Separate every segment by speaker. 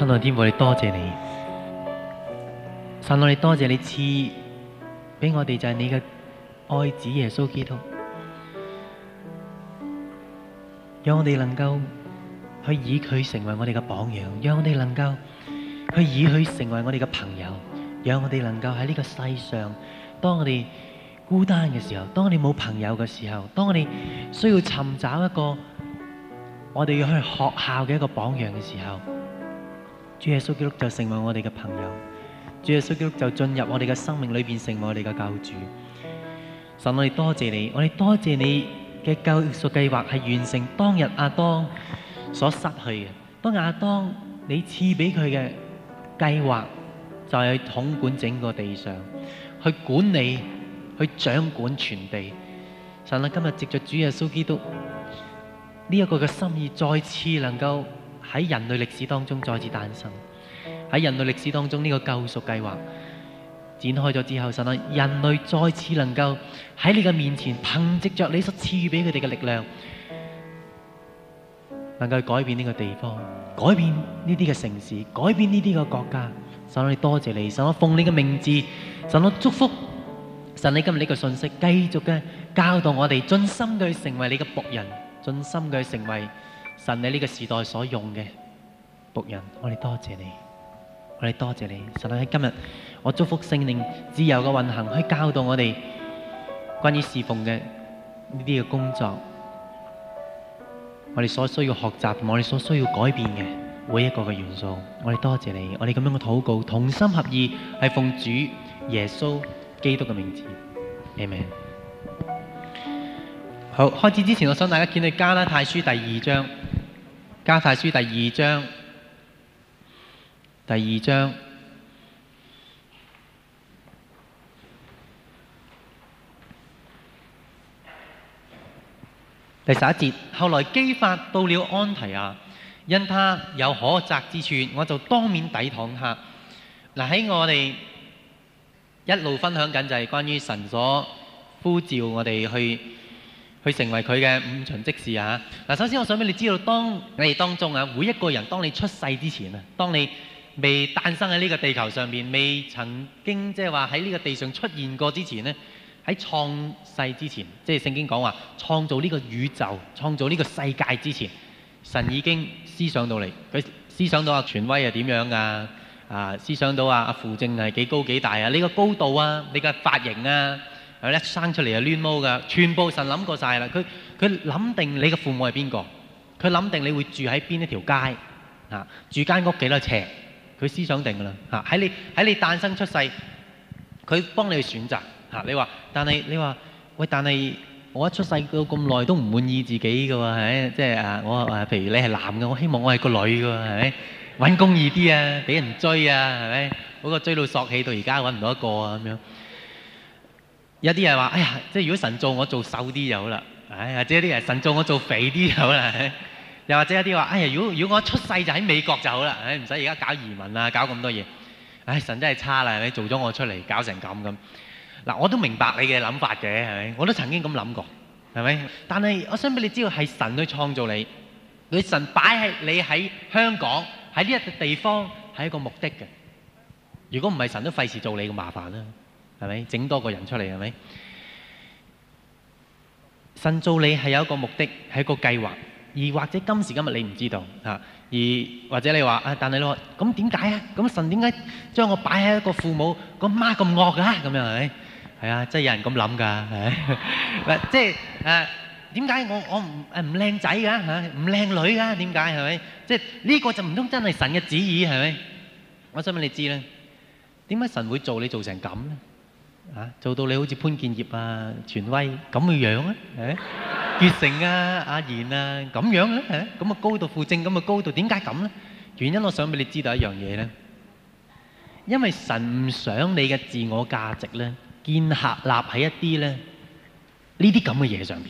Speaker 1: 神啊！天父，我哋多謝你，神啊！我哋多謝你賜俾我哋就係你嘅愛子耶穌基督，讓我哋能夠去以佢成為我哋嘅榜樣，讓我哋能夠去以佢成為我哋嘅朋友，讓我哋能夠喺呢個世上，當我哋孤單嘅時候，當我哋冇朋友嘅時候，當我哋需要尋找一個我哋要去學校嘅一個榜樣嘅時候。主耶穌基督就成為我哋嘅朋友，主耶穌基督就進入我哋嘅生命裏邊，成為我哋嘅教主。神，我哋多謝你，我哋多謝你嘅救贖計劃係完成當日阿當所失去嘅。當日阿當你賜俾佢嘅計劃就係統管整個地上，去管理，去掌管全地。神，我今日藉着主耶穌基督呢一個嘅心意，再次能夠。喺人類歷史當中再次誕生，喺人類歷史當中呢個救贖計劃展開咗之後，神啊，人類再次能夠喺你嘅面前憑藉着你所賜予俾佢哋嘅力量，能夠改變呢個地方，改變呢啲嘅城市，改變呢啲嘅國家。神啊，我多謝你，神啊，奉你嘅名字，神啊，祝福，神你今日呢個信息繼續嘅教導我哋，盡心嘅成為你嘅僕人，盡心嘅成為。神你呢個時代所用嘅僕人，我哋多謝你，我哋多謝你。神你喺今日，我祝福聖靈自由嘅運行，可以教導我哋關於侍奉嘅呢啲嘅工作，我哋所需要學習同我哋所需要改變嘅每一個嘅元素，我哋多謝你。我哋咁樣嘅禱告，同心合意係奉主耶穌基督嘅名字，阿們。好，開始之前，我想大家見到加拉太書第二章。加太書第二章，第二章第十一節。後來基法到了安提亞，因他有可責之處，我就當面抵擋他。嗱，喺我哋一路分享緊就係關於神所呼召我哋去。去成為佢嘅五旬即士啊！嗱，首先我想俾你知道，當你哋當中啊，每一個人，當你出世之前啊，當你未誕生喺呢個地球上面，未曾經即係話喺呢個地上出現過之前呢，喺創世之前，即係聖經講話創造呢個宇宙、創造呢個世界之前，神已經思想到嚟，佢思想到阿權威係點樣啊？啊，思想到啊，阿傅正係幾高幾大啊？呢個高度啊，你嘅髮型啊？佢咧生出嚟又亂毛噶，全部神諗過晒啦。佢佢諗定你嘅父母係邊個？佢諗定你會住喺邊一條街啊？住間屋幾多尺？佢思想定噶啦吓。喺你喺你誕生出世，佢幫你去選擇吓。你話，但係你話，喂，但係我一出世到咁耐都唔滿意自己嘅喎，係咪？即係啊，我啊，譬如你係男嘅，我希望我係個女嘅，係咪？揾工易啲啊，俾人追啊，係咪？嗰個追到索氣到而家揾唔到一個啊，咁樣。有啲人話，哎呀，即係如果神做我做瘦啲就好啦。哎呀，即係啲人神做我做肥啲就好啦。又或者有啲話，哎呀，如果如果我出世就喺美國就好啦。唉，唔使而家搞移民啊，搞咁多嘢。唉，神真係差啦，你做咗我出嚟搞成咁咁。嗱，我都明白你嘅諗法嘅，係咪？我都曾經咁諗過，係咪？但係我想俾你知道係神去創造你，神擺喺你喺香港喺呢一個地方係一個目的嘅。如果唔係神都費事做你咁麻煩啦。係咪整多個人出嚟？係咪神做你係有一個目的，係一個計劃，而或者今時今日你唔知道啊，而或者你話啊，但係我咁點解啊？咁神點解將我擺喺一個父母個媽咁惡㗎咁樣，係咪係啊？真係有人咁諗㗎係咪？即係誒點解我我唔唔靚仔㗎嚇唔靚女㗎點解係咪？即係呢個就唔通真係神嘅旨意係咪？我想問你知啦，點解神會做你做成咁咧？嚇做到你好似潘建業啊、全威咁嘅樣啊，誒，傑成啊、阿賢啊咁樣咧，嚇咁嘅高度負正咁嘅高度，點解咁咧？原因我想俾你知道一樣嘢咧，因為神唔想你嘅自我價值咧，建立立喺一啲咧呢啲咁嘅嘢上面。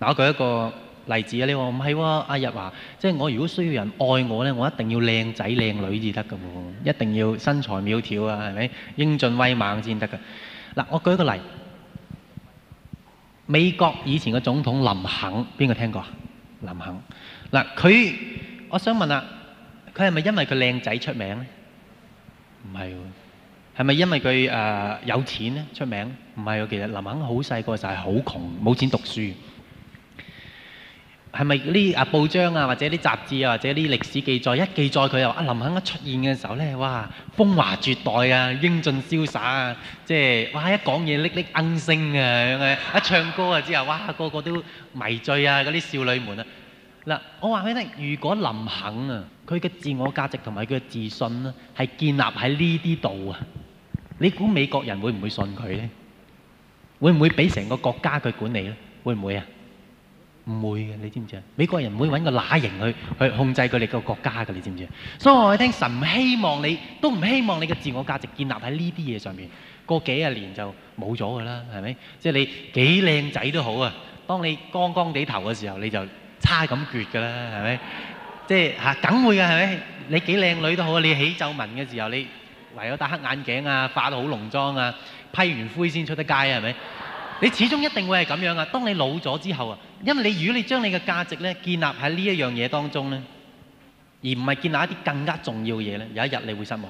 Speaker 1: 攞舉一個。例子說不是啊，你話唔係喎，阿日華，即係我如果需要人愛我咧，我一定要靚仔靚女至得㗎喎，一定要身材苗條啊，係咪英俊威猛先得㗎？嗱、啊，我舉一個例，美國以前嘅總統林肯，邊個聽過啊？林肯嗱，佢、啊、我想問啦、啊，佢係咪因為佢靚仔出名咧？唔係喎，係咪因為佢誒有錢咧出名？唔係喎，其實林肯好細個就係好窮，冇錢讀書。係咪呢？啊報章啊，或者啲雜誌啊，或者啲歷史記載一記載佢又啊，林肯一出現嘅時候咧，哇！風華絕代啊，英俊瀟灑啊，即係哇！一講嘢嚦嚦鶯聲啊，咁樣一唱歌啊之後，哇！個個都迷醉啊，嗰啲少女們啊。嗱，我話俾你聽，如果林肯啊，佢嘅自我價值同埋佢嘅自信啊，係建立喺呢啲度啊，你估美國人會唔會信佢咧？會唔會俾成個國家佢管理咧？會唔會啊？唔會嘅，你知唔知啊？美國人唔會搵個乸型去去控制佢哋個國家嘅，你知唔知啊？所以我去聽神希望你，都唔希望你嘅自我價值建立喺呢啲嘢上面。過幾廿年就冇咗㗎啦，係咪？即係你幾靚仔都好啊，當你光光地頭嘅時候，你就差咁絕㗎啦，係咪？即係嚇梗會㗎，係咪？你幾靚女都好啊，你起皺紋嘅時候，你唯有戴黑眼鏡啊，化到好濃妝啊，批完灰先出得街啊，係咪？你始終一定會係咁樣啊！當你老咗之後啊，因為你如果你將你嘅價值咧建立喺呢一樣嘢當中咧，而唔係建立一啲更加重要嘅嘢咧，有一日你會失望。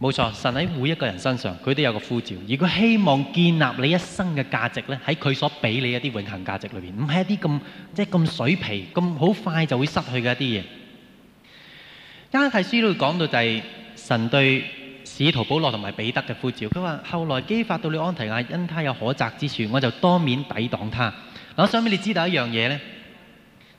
Speaker 1: 冇錯，神喺每一個人身上，佢都有個呼召，而佢希望建立你一生嘅價值咧，喺佢所俾你一啲永恆價值裏邊，唔係一啲咁即係咁水皮、咁好快就會失去嘅一啲嘢。加泰書都會講到就係、是、神對。使徒保羅同埋彼得嘅呼召，佢話：後來磯法到了安提亞，因他有可責之處，我就當面抵擋他。我想畀你知道一樣嘢呢，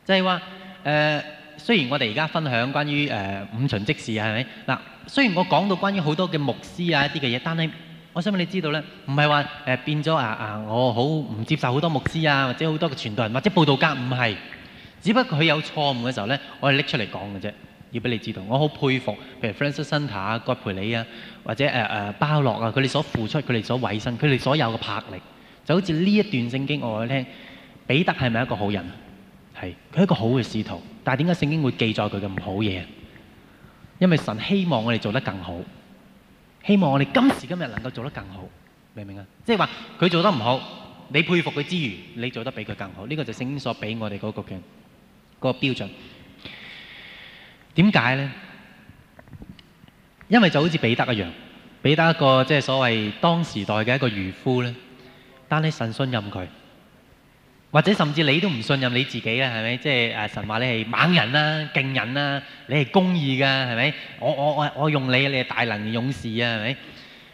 Speaker 1: 就係話誒，雖然我哋而家分享關於誒、呃、五旬即時啊，係咪？嗱，雖然我講到關於好多嘅牧師啊，一啲嘅嘢，但係我想畀你知道呢，唔係話誒變咗啊啊！我好唔接受好多牧師啊，或者好多嘅傳道人或者佈道家，唔係，只不過佢有錯誤嘅時候呢，我係拎出嚟講嘅啫。要俾你知道，我好佩服，譬如 Francis Center 啊、葛培理啊，或者誒誒包樂啊，佢哋所付出、佢哋所委身、佢哋所有嘅魄力，就好似呢一段聖經我講聽，彼得係咪一個好人？係，佢係一個好嘅使徒，但係點解聖經會記載佢嘅唔好嘢？因為神希望我哋做得更好，希望我哋今時今日能夠做得更好，明唔明啊？即係話，佢做得唔好，你佩服佢之餘，你做得比佢更好，呢個就聖經所俾我哋嗰個權，嗰個標準。點解呢？因為就好似彼得一樣，彼得一個即係、就是、所謂當時代嘅一個漁夫呢，但你神信任佢，或者甚至你都唔信任你自己咧，係咪？即、就、係、是、神話你係猛人啦、勁人啦，你係公義嘅，係咪？我我我用你，你係大能勇士啊，係咪？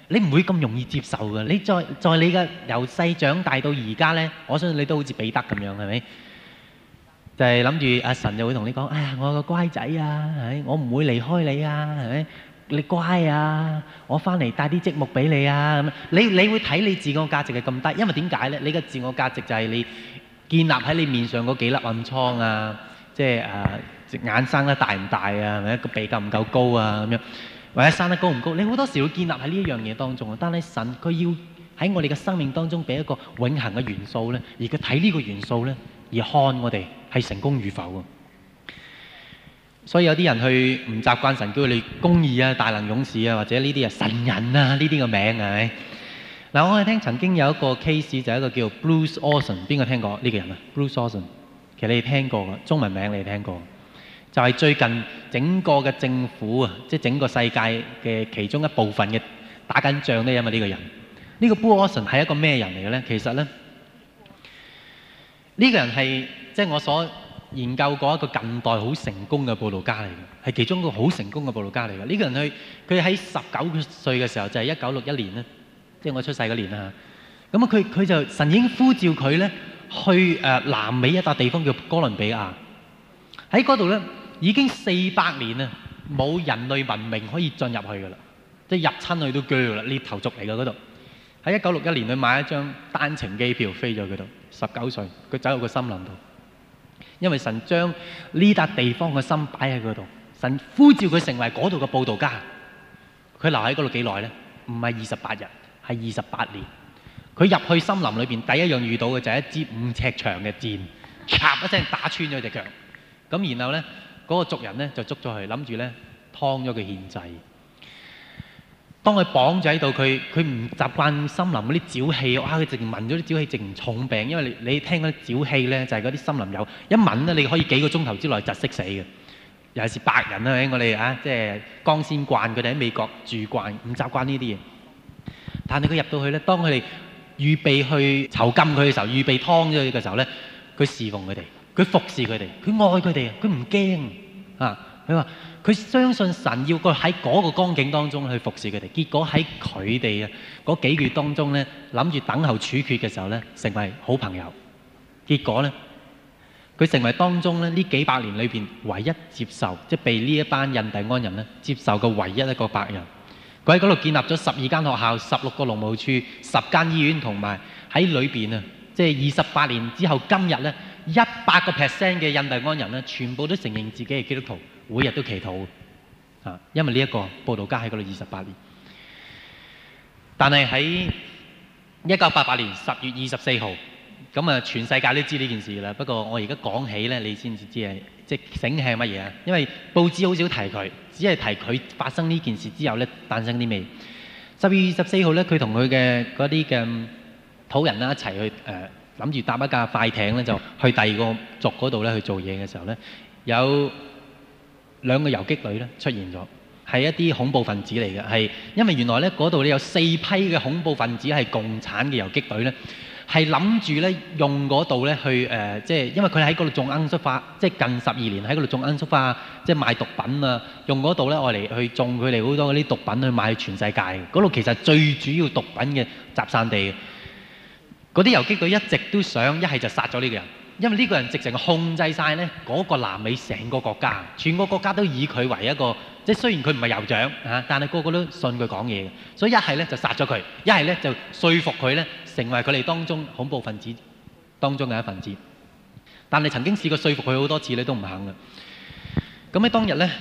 Speaker 1: 你唔會咁容易接受嘅，你再在、在你嘅由細長大到而家呢，我相信你都好似彼得咁樣，係咪？就係諗住阿神就會同你講，哎呀，我個乖仔啊，唉，我唔會離開你啊，係咪？你乖啊，我翻嚟帶啲積木俾你啊，咁。你你會睇你自我價值係咁低，因為點解呢？你個自我價值就係你建立喺你面上嗰幾粒暗瘡啊，即係誒眼生得大唔大啊，或者個鼻夠唔夠高啊，咁樣，或者生得高唔高？你好多時會建立喺呢一樣嘢當中啊。但係神佢要喺我哋嘅生命當中俾一個永恆嘅元素呢，而佢睇呢個元素呢。而看我哋係成功與否，所以有啲人去唔習慣神叫你公義啊、大能勇士啊，或者呢啲啊神人啊呢啲嘅名係咪？嗱，我哋聽曾經有一個 case 就係一個叫 Bruce Olson，邊個聽過呢、這個人啊？Bruce Olson 其實你哋聽過嘅，中文名你哋聽過，就係、是、最近整個嘅政府啊，即、就是、整個世界嘅其中一部分嘅打緊仗呢。因為呢個人，呢、這個 Bruce Olson 係一個咩人嚟嘅咧？其實咧。呢、這個人係即係我所研究過一個近代好成功嘅佈道家嚟嘅，係其中一個好成功嘅佈道家嚟嘅。呢、這個人去佢喺十九歲嘅時候就係一九六一年呢，即係我出世嗰年啦。咁啊，佢佢就神已經呼召佢呢去誒、呃、南美一笪地方叫哥倫比亞，喺嗰度呢，已經四百年啊冇人類文明可以進入去㗎啦，即係入親去都到腳啦，獵頭族嚟嘅嗰度。喺一九六一年佢買一張單程機票飛咗去到。十九歲，佢走入個森林度，因為神將呢笪地方嘅心擺喺嗰度，神呼召佢成為嗰度嘅佈道家。佢留喺嗰度幾耐呢？唔係二十八日，係二十八年。佢入去森林裏邊，第一樣遇到嘅就係一支五尺長嘅箭，啪一聲打穿咗隻腳。咁然後呢，嗰、嗰個族人呢，就捉咗佢，諗住呢，劏咗佢獻祭。當佢綁住喺度，佢佢唔習慣森林嗰啲沼氣，啊佢直聞咗啲沼氣，淨重病。因為你你聽嗰啲沼氣呢，就係嗰啲森林有一聞呢，你可以幾個鐘頭之內窒息死嘅。尤其是白人啦，我哋啊，即係光鮮慣，佢哋喺美國住慣，唔習慣呢啲嘢。但係佢入到去呢，當佢哋預備去囚禁佢嘅時候，預備劏咗佢嘅時候呢，佢侍奉佢哋，佢服侍佢哋，佢愛佢哋，佢唔驚啊。佢話：佢相信神要佢喺嗰個光景當中去服侍佢哋。結果喺佢哋啊嗰幾月當中咧，諗住等候處決嘅時候咧，成為好朋友。結果咧，佢成為當中咧呢這幾百年裏邊唯一接受即係、就是、被呢一班印第安人咧接受嘅唯一一個白人。佢喺嗰度建立咗十二間學校、十六個農務處、十間醫院，同埋喺裏邊啊，即係二十八年之後今日咧，一百個 percent 嘅印第安人咧，全部都承認自己係基督徒。每日都祈禱，因為呢一個佈道家喺嗰度二十八年。但係喺一九八八年十月二十四號，咁啊全世界都知呢件事啦。不過我而家講起呢，你先至知係即醒起係乜嘢啊？因為報紙好少提佢，只係提佢發生呢件事之後呢，發生啲咩？十月二十四號呢，佢同佢嘅嗰啲嘅土人啦一齊去誒諗住搭一架快艇呢，就去第二個族嗰度呢去做嘢嘅時候呢。有。兩個遊擊隊咧出現咗，係一啲恐怖分子嚟嘅，係因為原來咧嗰度咧有四批嘅恐怖分子係共產嘅遊擊隊咧，係諗住咧用嗰度咧去誒，即、呃、係、就是、因為佢喺嗰度種罌粟花，即、就、係、是、近十二年喺嗰度種罌粟花，即、就、係、是、賣毒品啊，用嗰度咧我嚟去種佢哋好多嗰啲毒品去賣去全世界，嗰度其實最主要毒品嘅集散地。嗰啲遊擊隊一直都想一係就殺咗呢個人。因為呢個人直情控制晒呢嗰個南美成個國家，全個國家都以佢為一個，即係雖然佢唔係酋長啊，但係個個都信佢講嘢嘅。所以一係呢就殺咗佢，一係呢就說服佢呢成為佢哋當中恐怖分子當中嘅一份子。但係曾經試過說服佢好多次你都唔肯嘅。咁喺當日呢，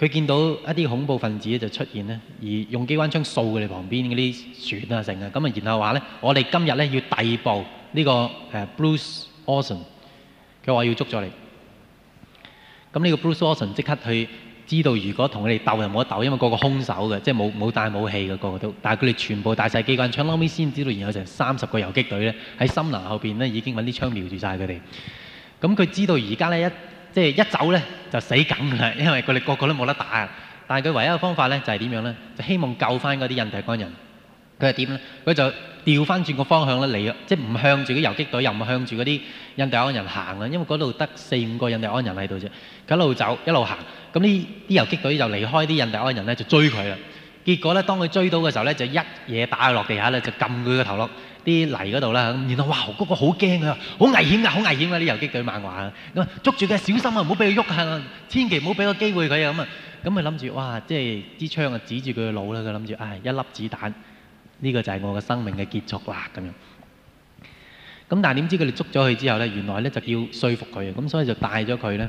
Speaker 1: 佢見到一啲恐怖分子就出現呢，而用機關槍掃佢哋旁邊嗰啲船啊成啊。咁啊，然後話呢，我哋今日呢要逮捕呢個誒 Bruce。Orson，佢話要捉咗你。咁呢個 Bruce Orson 即刻去知道，如果同佢哋鬥就冇得鬥，因為個個兇手嘅，即係冇冇帶武器嘅個個都。但係佢哋全部帶晒機關槍，後尾先知道然後，原來成三十個遊擊隊咧喺森林後邊咧已經揾啲槍瞄住晒佢哋。咁佢知道而家咧一即係、就是、一走咧就死梗啦，因為佢哋個個都冇得打。但係佢唯一嘅方法咧就係、是、點樣咧？就希望救翻嗰啲印第安人。佢係點咧？佢就～調翻轉個方向咧，嚟即係唔向住啲遊擊隊，又唔向住嗰啲印第安人行啦，因為嗰度得四五個印第安人喺度啫。佢一路走，一路行，咁呢啲遊擊隊就離開啲印第安人咧，就追佢啦。結果咧，當佢追到嘅時候咧，就一嘢打落地下咧，就撳佢個頭落啲泥嗰度啦。然後哇，嗰個好驚啊，好危險㗎，好危險㗎，啲遊擊隊漫畫啊。咁捉住佢，小心啊，唔好俾佢喐下，千祈唔好俾個機會佢啊咁啊。咁佢諗住哇，即係支槍啊，指住佢個腦啦。佢諗住唉，一粒子彈。呢個就係我嘅生命嘅結束啦，咁樣。咁但係點知佢哋捉咗佢之後呢，原來呢，就要說服佢，咁所以就帶咗佢呢，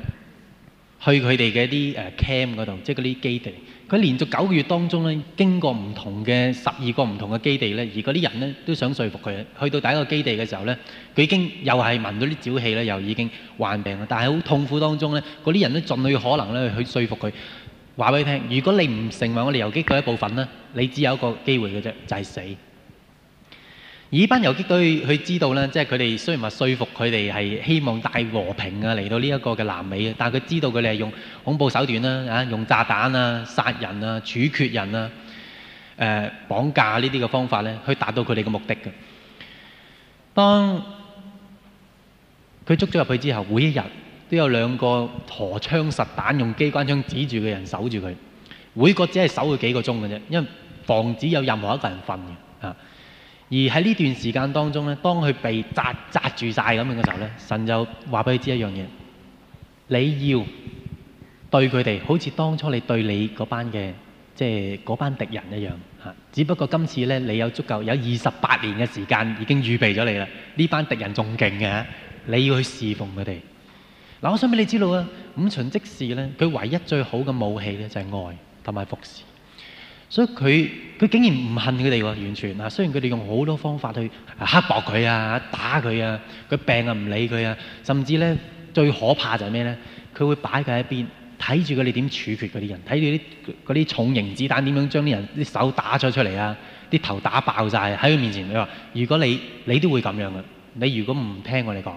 Speaker 1: 去佢哋嘅一啲 camp 嗰度，即係嗰啲基地。佢連續九個月當中呢，經過唔同嘅十二個唔同嘅基地呢，而嗰啲人呢，都想說服佢。去到第一個基地嘅時候呢，佢已經又係聞到啲沼氣咧，又已經患病啊！但係好痛苦當中呢，嗰啲人呢，盡去可能呢去說服佢。話俾你聽，如果你唔成為我哋遊擊隊的一部分呢，你只有一個機會嘅啫，就係、是、死。而呢班遊擊隊佢知道呢，即係佢哋雖然話說服佢哋係希望大和平啊，嚟到呢一個嘅南美啊，但係佢知道佢哋係用恐怖手段啦，啊，用炸彈啊、殺人啊、處決人啊、誒、呃、綁架呢啲嘅方法咧，去達到佢哋嘅目的嘅。當佢捉咗入去之後，每一日，都有兩個荷槍實彈，用機關槍指住嘅人守住佢。每個只係守佢幾個鐘嘅啫，因為防止有任何一個人瞓嘅、啊、而喺呢段時間當中呢，當佢被紮紮住晒咁樣嘅時候呢，神就話俾佢知一樣嘢：你要對佢哋好似當初你對你嗰班嘅即係嗰班敵人一樣嚇、啊。只不過今次呢，你有足夠有二十八年嘅時間已經預備咗你啦。呢班敵人仲勁嘅，你要去侍奉佢哋。嗱，我想俾你知道啊，五旬即事咧，佢唯一最好嘅武器咧就係愛同埋服侍，所以佢佢竟然唔恨佢哋喎，完全啊！雖然佢哋用好多方法去刻薄佢啊、打佢啊，佢病啊唔理佢啊，甚至咧最可怕就係咩咧？佢會擺佢喺邊睇住佢哋點處決嗰啲人？睇住啲啲重型子彈點樣將啲人啲手打咗出嚟啊？啲頭打爆曬喺佢面前。佢話如果你你都會咁樣嘅，你如果唔聽我哋講。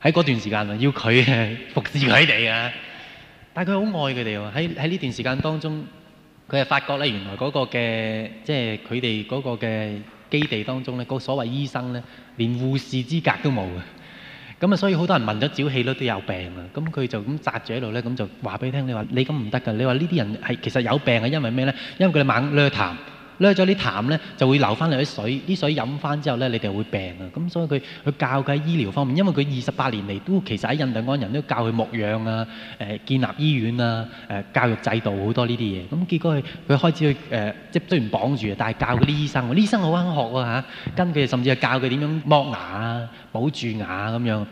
Speaker 1: 喺嗰段時間啊，要佢嘅服侍佢哋啊，但係佢好愛佢哋喎。喺喺呢段時間當中，佢係發覺咧，原來嗰個嘅即係佢哋嗰個嘅基地當中咧，個所謂醫生咧，連護士資格都冇嘅。咁啊，所以好多人問咗，沼氣咧都有病啊。咁佢就咁紮住喺度咧，咁就話俾你聽，你話你咁唔得㗎。你話呢啲人係其實有病係因為咩咧？因為佢哋猛掠談。攞咗啲痰咧，就會流翻嚟啲水，啲水飲翻之後咧，你哋會病啊！咁所以佢佢教佢喺醫療方面，因為佢二十八年嚟都其實喺印第安人都教佢牧養啊、誒、呃、建立醫院啊、誒、呃、教育制度好多呢啲嘢。咁結果佢佢開始去誒、呃，即係雖然綁住 很很，啊，但係教佢啲醫生，我醫生好啱學啊，嚇，跟佢甚至係教佢點樣剝牙啊、保住牙咁樣。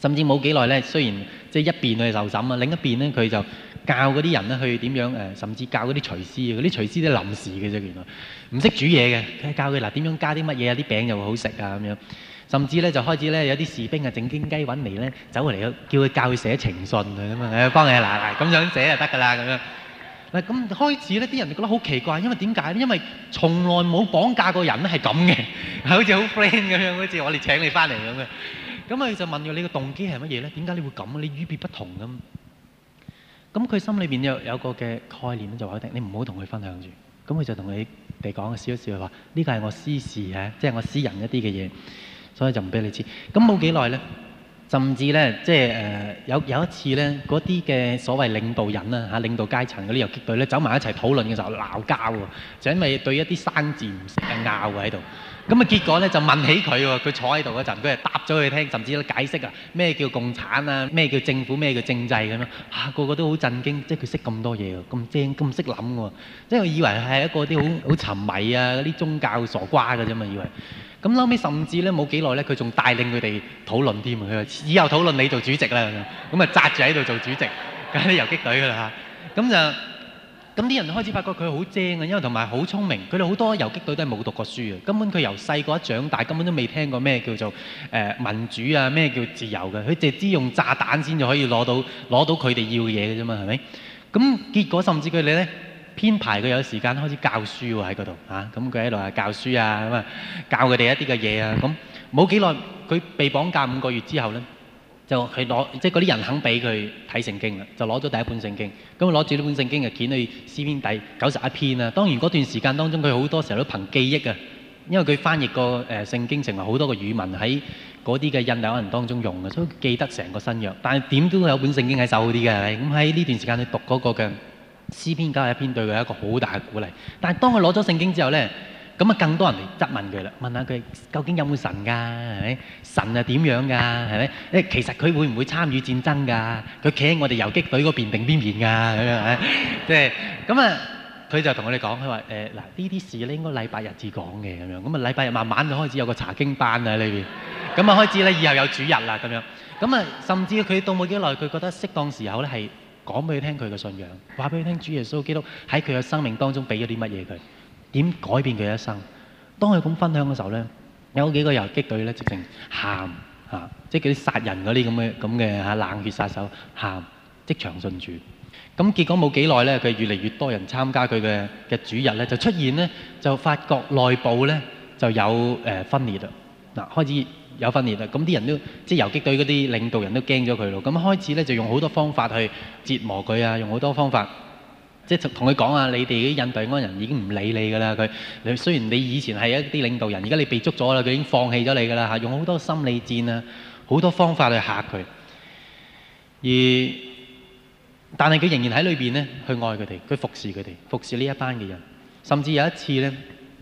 Speaker 1: 甚至冇幾耐咧，雖然即係一邊佢受審啊，另一邊咧佢就。教嗰啲人咧去點樣誒，甚至教嗰啲廚師啊，嗰啲廚師都臨時嘅啫，原來唔識煮嘢嘅，佢教佢嗱點樣加啲乜嘢啊，啲餅就會好食啊咁樣。甚至咧就開始咧有啲士兵啊整雞雞揾嚟咧走過嚟，叫佢教佢寫情信啊咁啊，幫你嗱咁樣寫就得㗎啦咁樣。嗱咁開始咧啲人就覺得好奇怪，因為點解咧？因為從來冇綁架過人係咁嘅，好似好 friend 咁樣，好似我哋請你翻嚟咁嘅。咁啊就問佢你嘅動機係乜嘢咧？點解你會咁？你與別不同咁。咁佢心裏邊有有個嘅概念咧，就話一定你唔好同佢分享住，咁佢就同你哋講笑一笑話，呢個係我私事嘅、啊，即係我私人一啲嘅嘢，所以就唔俾你知。咁冇幾耐呢，甚至呢，即係誒有有一次呢嗰啲嘅所謂領導人啊、嚇，領導階層嗰啲游擊隊呢，走埋一齊討論嘅時候鬧交喎，就因為對一啲生字唔識嘅拗喺度。咁啊！結果咧就問起佢喎，佢坐喺度嗰陣，佢係答咗佢聽，甚至都解釋啊咩叫共產啊，咩叫政府，咩叫政制咁樣。嚇，個個都好震驚，即係佢識咁多嘢喎，咁正咁識諗喎，即係我以為係一個啲好好沉迷啊嗰啲宗教傻瓜嘅啫嘛，以為。咁後屘甚至咧冇幾耐咧，佢仲帶領佢哋討論添，佢話以後討論你做主席啦，咁啊紮住喺度做主席搞啲遊擊隊噶啦嚇。咁啊～咁啲人開始發覺佢好精啊，因為同埋好聰明。佢哋好多遊擊隊都係冇讀過書嘅，根本佢由細個一長大，根本都未聽過咩叫做民主啊，咩叫自由嘅。佢只知用炸彈先就可以攞到攞到佢哋要嘅嘢嘅啫嘛，係咪？咁結果甚至佢哋咧編排佢有時間開始教書喎喺嗰度嚇，咁佢喺度啊教書啊咁啊教佢哋一啲嘅嘢啊。咁冇幾耐，佢被綁架五個月之後咧。就佢攞，即係嗰啲人肯俾佢睇聖經啦，就攞咗第一本聖經，咁佢攞住呢本聖經嘅揀去詩篇第九十一篇啦、啊。當然嗰段時間當中，佢好多時候都憑記憶啊，因為佢翻譯過誒聖經成為好多個語文喺嗰啲嘅印度人當中用嘅，所以記得成個新約。但係點都會有本聖經喺手好啲嘅，咁喺呢在這段時間去讀嗰、那個嘅詩篇九十一篇，對佢係一個好大嘅鼓勵。但係當佢攞咗聖經之後呢。咁啊，更多人嚟質問佢啦，問下佢究竟有冇神㗎、啊？係咪？神係點樣㗎？係咪？誒，其實佢會唔會參與戰爭㗎？佢企喺我哋遊擊隊嗰邊定邊邊㗎？咁樣即係咁啊，佢就同、是、我哋講，佢話誒嗱，呢、呃、啲事咧應該禮拜日至講嘅咁樣。咁啊，禮拜日慢慢就開始有個查經班啦喺呢邊，咁啊開始咧以後有主日啦咁樣。咁啊，甚至佢到冇幾耐，佢覺得適當時候咧係講俾佢聽佢嘅信仰，話俾佢聽主耶穌基督喺佢嘅生命當中俾咗啲乜嘢佢。點改變佢一生？當佢咁分享嘅時候呢，有幾個遊擊隊咧，直情喊嚇，即係嗰啲殺人嗰啲咁嘅咁嘅冷血殺手喊即場信主。咁結果冇幾耐呢，佢越嚟越多人參加佢嘅嘅主日呢，就出現呢，就發覺內部呢就有誒分裂啦，嗱開始有分裂啦。咁啲人都即係遊擊隊嗰啲領導人都驚咗佢咯。咁開始呢，就用好多方法去折磨佢啊，用好多方法。即係同佢講啊，你哋啲印第安人已經唔理你噶啦，佢雖然你以前係一啲領導人，而家你被捉咗啦，佢已經放棄咗你噶啦嚇。用好多心理戰啊，好多方法去嚇佢。而但係佢仍然喺裏邊呢去愛佢哋，去服侍佢哋，服侍呢一班嘅人。甚至有一次呢，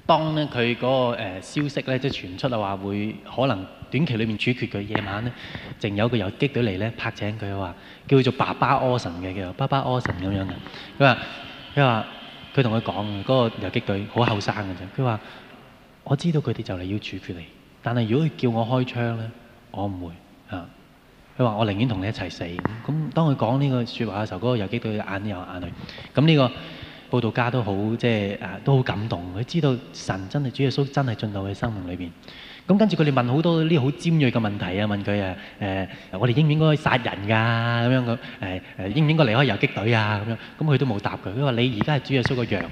Speaker 1: 當呢佢嗰、嗰個、呃、消息呢即係傳出啊，話會可能短期裏面處決佢，夜晚呢，淨有個遊擊隊嚟呢，拍醒佢話。叫做爸爸阿神嘅，叫做爸爸阿神咁樣嘅。佢話：佢話佢同佢講，嗰個游擊隊好後生嘅啫。佢話：我知道佢哋就嚟要處決你，但係如果佢叫我開槍咧，我唔會啊。佢話：我寧願同你一齊死。咁當佢講呢個説話嘅時候，嗰個遊擊隊眼有眼淚。咁呢個佈道家都好，即係誒都好感動。佢知道神真係主耶穌真係進到佢生命裏邊。咁跟住佢哋問好多啲好尖鋭嘅問題啊，問佢誒誒，我哋應唔應該去殺人㗎？咁樣咁誒誒，應唔應該離開遊擊隊啊？咁樣咁佢都冇答嘅。佢佢話：你而家係主耶穌嘅羊，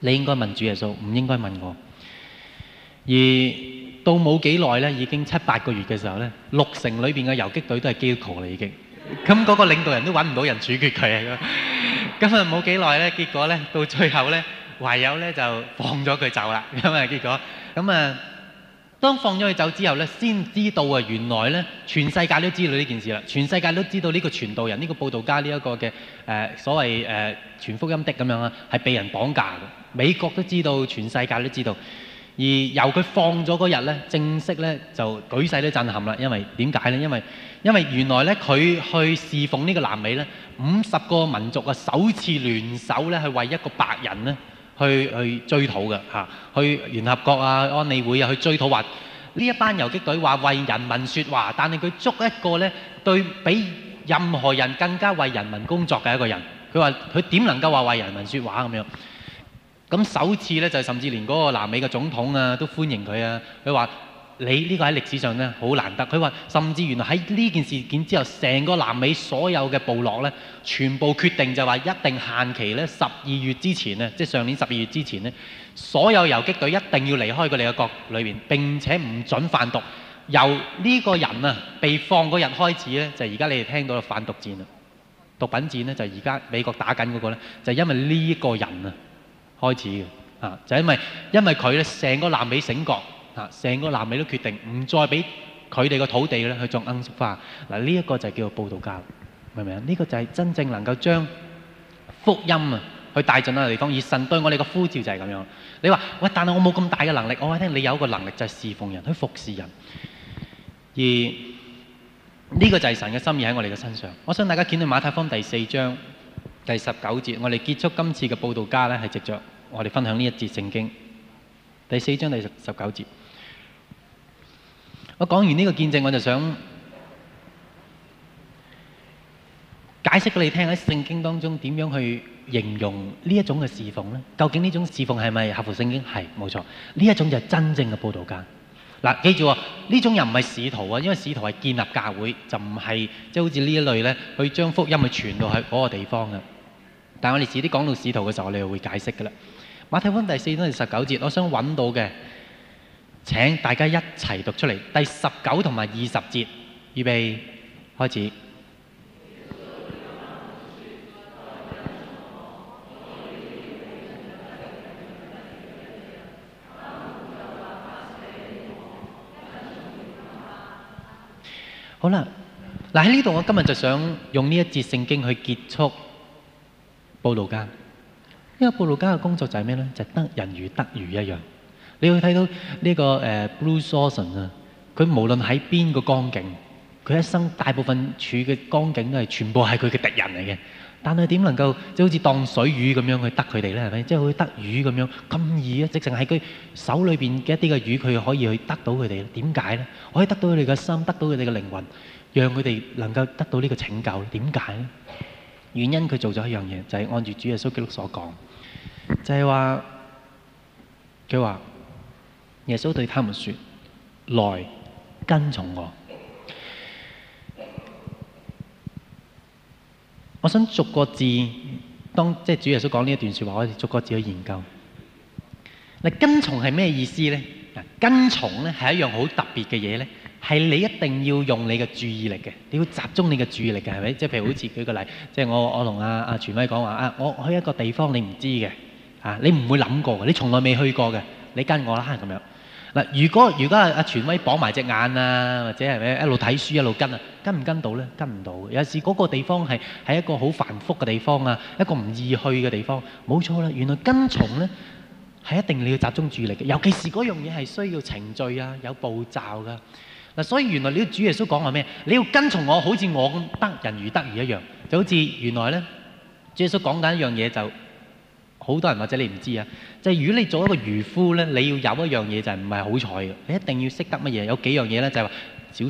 Speaker 1: 你應該問主耶穌，唔應該問我。而到冇幾耐咧，已經七八個月嘅時候咧，六成裏邊嘅遊擊隊都係基於窮啦，已經。咁嗰個領導人都揾唔到人處決佢啊！咁啊冇幾耐咧，結果咧到最後咧，唯有咧就放咗佢走啦。咁啊結果咁啊。當放咗佢走之後呢先知道啊！原來呢，全世界都知道呢件事啦。全世界都知道呢個傳道人、呢、這個佈道家呢一個嘅誒、呃、所謂誒傳福音的咁樣啊，係被人綁架嘅。美國都知道，全世界都知道。而由佢放咗嗰日呢，正式呢就舉世都震撼啦。因為點解呢？因為因為原來呢，佢去侍奉呢個南美呢五十個民族啊首次聯手呢，係為一個白人呢。去去追討嘅吓，去聯合國啊、安理會啊去追討，話呢一班遊擊隊話為人民說話，但係佢捉一個呢對比任何人更加為人民工作嘅一個人，佢話佢點能夠話為人民說話咁樣？咁首次呢，就甚至連嗰個南美嘅總統啊都歡迎佢啊，佢話。你呢個喺歷史上呢，好難得。佢話，甚至原來喺呢件事件之後，成個南美所有嘅部落呢，全部決定就話一定限期呢，十二月之前呢，即係上年十二月之前呢，所有遊擊隊一定要離開佢哋嘅國裏面，並且唔准販毒。由呢個人啊被放嗰日開始呢，就而家你哋聽到嘅販毒戰啊，毒品戰呢，就而家美國打緊嗰個呢，就因為呢個人啊開始嘅啊，就因為因為佢呢成個南美醒覺。成個南美都決定唔再俾佢哋個土地咧去種罌粟花。嗱，呢一個就叫做佈道家，明唔明啊？呢個就係真正能夠將福音啊去帶進嗰個地方。以神對我哋嘅呼召就係咁樣。你話喂，但係我冇咁大嘅能力。我話聽，你有一個能力就係侍奉人，去服侍人。而呢個就係神嘅心意喺我哋嘅身上。我想大家卷到馬太福音第四章第十九節，我哋結束今次嘅佈道家咧，係藉着我哋分享呢一節聖經第四章第十九節。我講完呢個見證，我就想解釋俾你聽喺聖經當中點樣去形容呢一種嘅侍奉咧？究竟呢種侍奉係咪合乎聖經？係冇錯，呢一種就係真正嘅佈道家。嗱、啊，記住呢種又唔係使徒啊，因為使徒係建立教會，就唔係即係好似呢一類呢，去將福音去傳到去嗰個地方嘅。但係我哋遲啲講到使徒嘅時候，我哋會解釋嘅啦。馬太福音第四章十九節，我想揾到嘅。請大家一齊讀出嚟，第十九同埋二十節，預備開始。 好啦，嗱喺呢度，我今日就想用呢一節聖經去結束佈道家，因為佈道家嘅工作就係咩呢？就係、是、得人如得魚一樣。你去睇到呢個誒 Bruce Olson 啊，佢無論喺邊個光景，佢一生大部分處嘅光景都係全部係佢嘅敵人嚟嘅。但係點能夠即係好似當水魚咁樣去得佢哋咧？係咪？即係好似得魚咁樣咁易啊？直情係佢手裏邊嘅一啲嘅魚，佢可以去得到佢哋。點解咧？可以得到佢哋嘅心，得到佢哋嘅靈魂，讓佢哋能夠得到呢個拯救。點解咧？原因佢做咗一樣嘢，就係按住主耶穌基督所講，就係話佢話。耶穌對他們說：來，跟從我。我想逐個字，當即係主耶穌講呢一段說話，我哋逐個字去研究。嗱，跟從係咩意思咧？跟從咧係一樣好特別嘅嘢，咧係你一定要用你嘅注意力嘅，你要集中你嘅注意力嘅，係咪？即係譬如好似舉個例，即係我我同阿阿全威講話啊，我去一個地方你唔知嘅，啊，你唔會諗過嘅，你從來未去過嘅，你跟我啦咁樣。嗱，如果如果阿阿權威綁埋隻眼啊，或者係咪一路睇書一路跟啊，跟唔跟到咧？跟唔到，有時嗰個地方係係一個好繁複嘅地方啊，一個唔易去嘅地方。冇錯啦，原來跟從咧係一定你要集中注意力嘅，尤其是嗰樣嘢係需要程序啊，有步驟㗎。嗱，所以原來你啲主耶穌講話咩？你要跟從我，好似我咁得人如得魚一樣，就好似原來咧，主耶穌講緊一樣嘢就。好多人或者你唔知啊，就係如果你做一個漁夫呢，你要有一樣嘢就係唔係好彩嘅，你一定要識得乜嘢？有幾樣嘢呢，就係話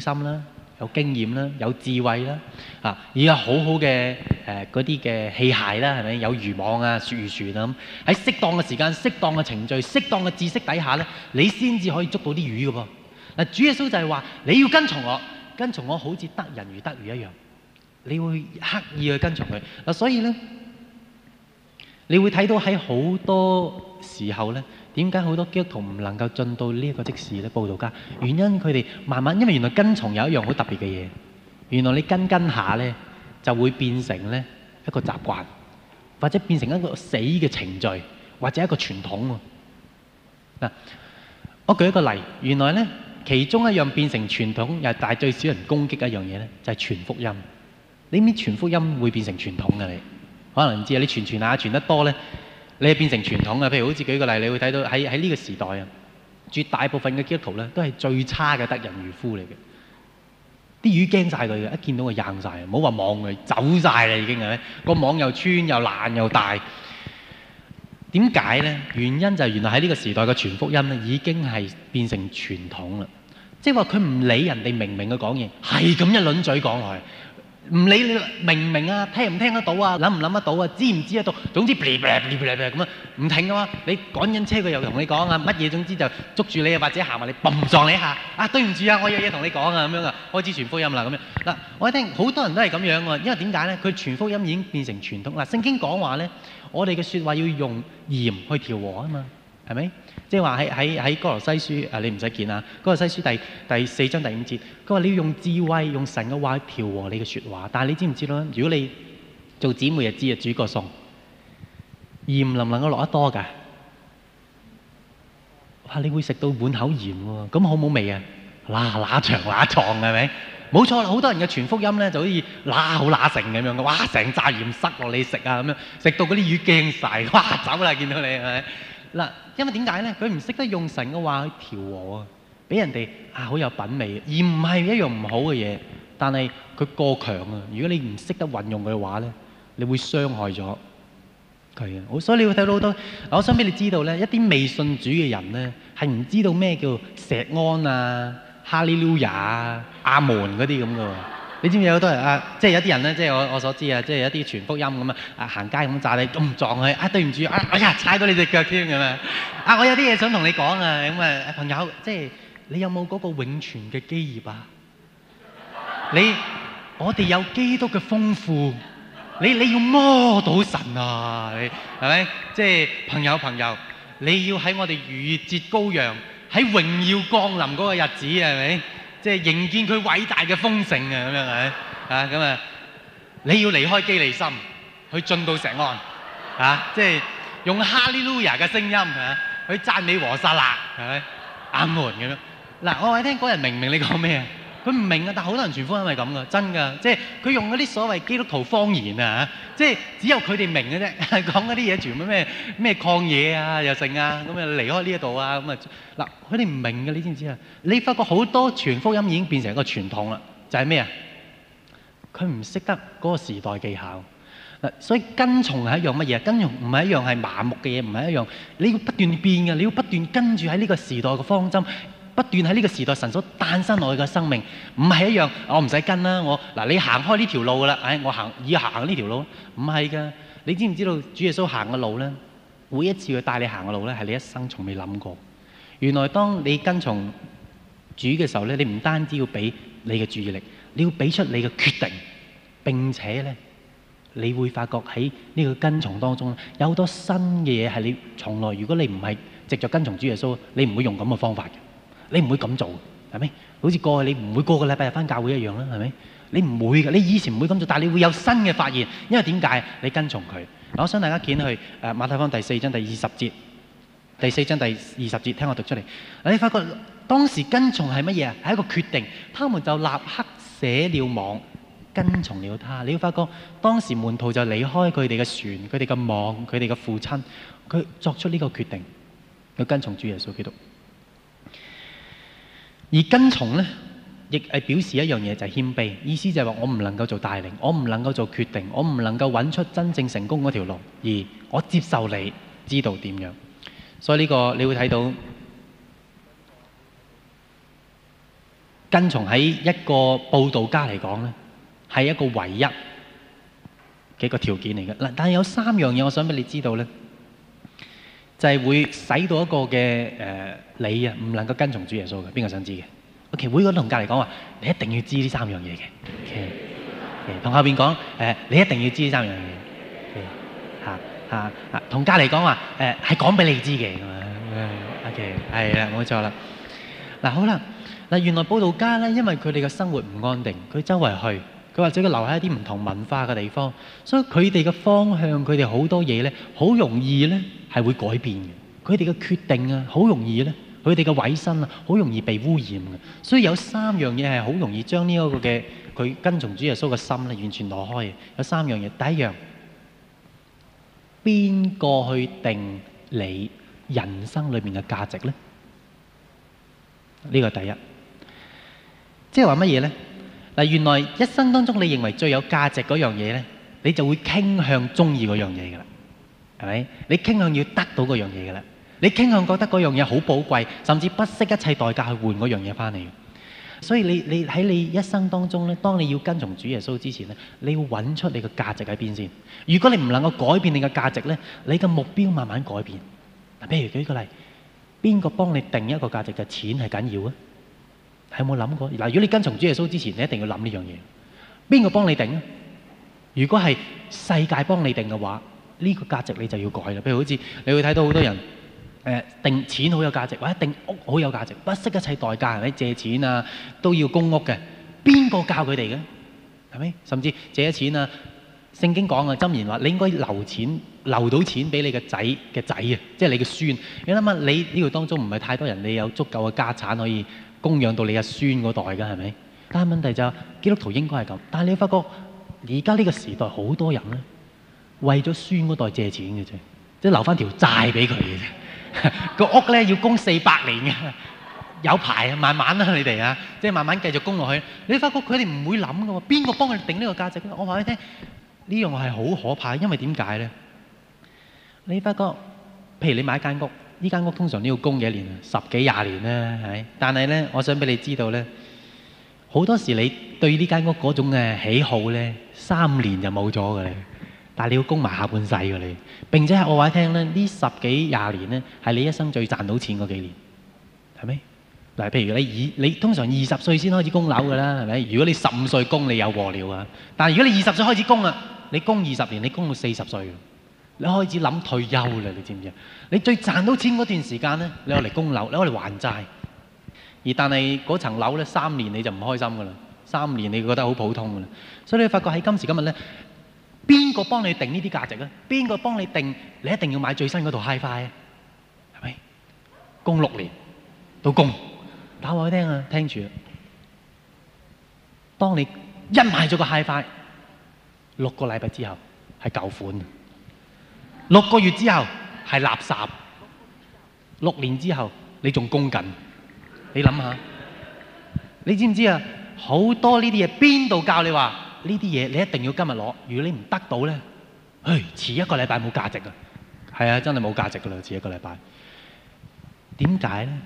Speaker 1: 小心啦，有經驗啦，有智慧啦，啊，要有好好嘅誒嗰啲嘅器械啦，係咪？有漁網啊、雪漁船啊，喺適當嘅時間、適當嘅程序、適當嘅知識底下呢，你先至可以捉到啲魚嘅噃。嗱、啊，主耶穌就係話你要跟從我，跟從我好似得人如得魚一樣，你會刻意去跟從佢。嗱、啊，所以呢。你會睇到喺好多時候呢，點解好多基督徒唔能夠進到呢一個即時咧？佈道家，原因佢哋慢慢，因為原來跟從有一樣好特別嘅嘢，原來你跟跟下呢，就會變成呢一個習慣，或者變成一個死嘅程序，或者一個傳統。嗱，我舉一個例，原來呢其中一樣變成傳統又但係最少人攻擊一樣嘢呢，就係、是、傳福音。你知傳福音會變成傳統嘅你？可能唔知啊！你傳傳下、啊，傳得多咧，你係變成傳統嘅。譬如好似舉個例子，你會睇到喺喺呢個時代啊，絕大部分嘅基督徒咧都係最差嘅得人漁夫嚟嘅，啲魚驚晒佢嘅，一見到佢硬晒，唔好話網佢走晒啦，已經係咧，個網又穿又爛又大。點解咧？原因就係原來喺呢個時代嘅傳福音咧，已經係變成傳統啦。即係話佢唔理人哋明唔明嘅講嘢，係咁一輪嘴講落去。唔理你明唔明啊，聽唔聽得到啊，諗唔諗得到啊，知唔知得到？總之咁啊，唔 停啊！嘛。你趕緊車佢又同你講啊，乜嘢總之就捉住你啊，或者行埋你，嘣撞你一下。啊，對唔住啊，我有嘢同你講啊，咁樣啊，開始傳福音啦咁樣嗱，我一聽好多人都係咁樣喎、啊，因為點解咧？佢傳福音已經變成傳統嗱，聖經講話咧，我哋嘅説話要用鹽去調和啊嘛。係咪？即係話喺喺喺哥羅西書啊，你唔使見啊。哥羅西書第第四章第五節，佢話你要用智慧，用神嘅話去調和你嘅說話。但係你知唔知咧？如果你做姊妹日知啊，煮個餸，鹽能唔能夠落得多噶？哇！你會食到滿口鹽喎，咁好冇味啊！嗱嗱長嗱長，係、啊、咪？冇錯啦，好、啊、多人嘅傳福音咧，就好似嗱、啊、好嗱、啊、成咁樣嘅，哇！成扎鹽塞落你食啊，咁樣食到嗰啲魚驚晒，哇！走啦，見到你係咪？嗱，因為點解咧？佢唔識得用神嘅話去調和啊，俾人哋啊好有品味，而唔係一樣唔好嘅嘢。但係佢過強啊！如果你唔識得運用嘅話咧，你會傷害咗。佢啊，好所以你會睇到好多。我想俾你知道咧，一啲未信主嘅人咧，係唔知道咩叫石安啊、哈利路亞啊、阿門嗰啲咁噶。你知唔知有好多人啊？即係有啲人咧，即係我我所知啊，即係有啲全福音咁啊，行街咁炸你，咁撞佢啊！對唔住啊！哎呀，踩到你隻腳添㗎嘛！啊，我有啲嘢想同你講啊，咁啊，朋友，即係你有冇嗰個永存嘅基業啊？你，我哋有基督嘅豐富，你你要摸到神啊！你係咪？即係朋友朋友，你要喺我哋預設羔羊喺榮耀降臨嗰個日子，係咪？即係迎見佢偉大嘅豐盛啊！咁樣係啊咁啊，你要離開基利森，去進到石安啊！即係用哈利路亞嘅聲音嚇去讚美和沙勒，係咪？阿門。咁樣嗱，我話你聽嗰人明唔明你講咩啊？佢唔明啊，但係好多人傳福音係咁噶，真噶，即係佢用嗰啲所謂基督徒方言啊，即係只有佢哋明嘅啫，講嗰啲嘢全部咩咩曠野啊又剩啊，咁啊離開呢一度啊咁啊嗱，佢哋唔明嘅，你知唔知啊？你發覺好多傳福音已經變成一個傳統啦，就係咩啊？佢唔識得嗰個時代技巧所以跟從係一樣乜嘢啊？跟從唔係一樣係麻木嘅嘢，唔係一樣，你要不斷變嘅，你要不斷跟住喺呢個時代嘅方針。不斷喺呢個時代，神所誕生我哋嘅生命，唔係一樣。我唔使跟啦，我嗱你行開呢條路噶啦。唉，我行要行呢條路，唔係噶。你知唔知道主耶穌行嘅路呢？每一次佢帶你行嘅路呢，係你一生從未諗過。原來當你跟從主嘅時候呢，你唔單止要俾你嘅注意力，你要俾出你嘅決定。並且呢，你會發覺喺呢個跟從當中，有好多新嘅嘢係你從來。如果你唔係藉著跟從主耶穌，你唔會用咁嘅方法嘅。你唔會咁做，係咪？好似過去你唔會個個禮拜日翻教會一樣啦，係咪？你唔會嘅，你以前唔會咁做，但係你會有新嘅發現，因為點解？你跟從佢。我想大家檢去誒馬太福音第四章第二十節，第四章第二十節，聽我讀出嚟。你發覺當時跟從係乜嘢啊？係一個決定。他們就立刻捨了網，跟從了他。你會發覺當時門徒就離開佢哋嘅船、佢哋嘅網、佢哋嘅父親，佢作出呢個決定，佢跟從主耶穌基督。而跟從呢，亦係表示一樣嘢，就係謙卑。意思就係話，我唔能夠做大領，我唔能夠做決定，我唔能夠揾出真正成功嗰條路，而我接受你，知道點樣。所以呢個，你會睇到跟從喺一個佈道家嚟講呢，係一個唯一嘅個條件嚟嘅。嗱，但係有三樣嘢，我想俾你知道呢。就係、是、會使到一個嘅誒、呃、你啊，唔能夠跟從主耶穌嘅。邊個想知嘅？我、okay, 祈會嗰同隔籬講話，你一定要知呢三樣嘢嘅。同、okay. okay, 後邊講誒，你一定要知呢三樣嘢嚇嚇同隔籬講話誒，係講俾你知嘅咁啊。OK 係啦，冇錯啦。嗱、啊、好啦，嗱原來佈道家咧，因為佢哋嘅生活唔安定，佢周圍去，佢或者佢留喺一啲唔同文化嘅地方，所以佢哋嘅方向，佢哋好多嘢咧，好容易咧。係會改變嘅，佢哋嘅決定啊，好容易呢，佢哋嘅委身啊，好容易被污染嘅。所以有三樣嘢係好容易將呢一個嘅佢跟從主耶穌嘅心咧，完全攞開嘅。有三樣嘢，第一樣，邊個去定你人生裏面嘅價值呢？呢、呢個第一，即係話乜嘢呢？嗱，原來一生當中你認為最有價值嗰樣嘢呢，你就會傾向中意嗰樣嘢噶啦。係咪？你傾向要得到嗰樣嘢嘅啦？你傾向覺得嗰樣嘢好寶貴，甚至不惜一切代價去換嗰樣嘢翻嚟。所以你你喺你一生當中咧，當你要跟從主耶穌之前咧，你要揾出你嘅價值喺邊先。如果你唔能夠改變你嘅價值咧，你嘅目標慢慢改變。嗱，譬如舉個例，邊個幫你定一個價值嘅錢係緊要啊？有冇諗過？嗱，如果你跟從主耶穌之前，你一定要諗呢樣嘢。邊個幫你定啊？如果係世界幫你定嘅話。呢個價值你就要改啦。譬如好似你會睇到好多人誒定錢好有價值，或者定屋好有價值，不惜一切代價，係咪借錢啊都要供屋嘅？邊個教佢哋嘅？係咪？甚至借咗錢啊。聖經講啊，箴言話你應該留錢，留到錢俾你嘅仔嘅仔啊，即係你嘅孫。你諗下，你呢度當中唔係太多人，你有足夠嘅家產可以供養到你嘅孫嗰代嘅係咪？但係問題就係基督徒應該係咁，但係你發覺而家呢個時代好多人咧。為咗孫嗰代借錢嘅啫，即係留翻條債俾佢嘅啫。個 屋咧要供四百年嘅，有排啊，慢慢啦你哋啊，即係慢慢繼續供落去。你發覺佢哋唔會諗嘅喎，邊個幫佢定呢個價值？我話你聽，呢樣係好可怕，因為點解咧？你發覺，譬如你買一間屋，呢間屋通常都要供幾年啊，十幾廿年啦，係。但係咧，我想俾你知道咧，好多時你對呢間屋嗰種嘅喜好咧，三年就冇咗嘅。但你要供埋下半世㗎你，並且我話你聽咧，呢十幾廿年咧係你一生最賺到錢嗰幾年，係咪？嗱，譬如你二，你通常二十歲先開始供樓㗎啦，係咪？如果你十五歲供，你有和料啊。但係如果你二十歲開始供啊，你供二十年，你供到四十歲，你開始諗退休啦，你知唔知啊？你最賺到錢嗰段時間咧，你攞嚟供樓，你攞嚟還債，而但係嗰層樓咧三年你就唔開心㗎啦，三年你覺得好普通㗎啦，所以你發覺喺今時今日咧。邊個幫你定呢啲價值咧？邊個幫你定？你一定要買最新嗰套 Hi-Fi 啊？係咪供六年都供？打話畀我聽啊，聽住。當你一買咗個 Hi-Fi，六個禮拜之後係舊款，六個月之後係垃圾，六年之後你仲供緊？你諗下，你知唔知啊？好多呢啲嘢邊度教你話？呢啲嘢你一定要今日攞，如果你唔得到呢，唉、哎，遲一個禮拜冇價值啊！係啊，真係冇價值噶啦，遲一個禮拜。點解呢？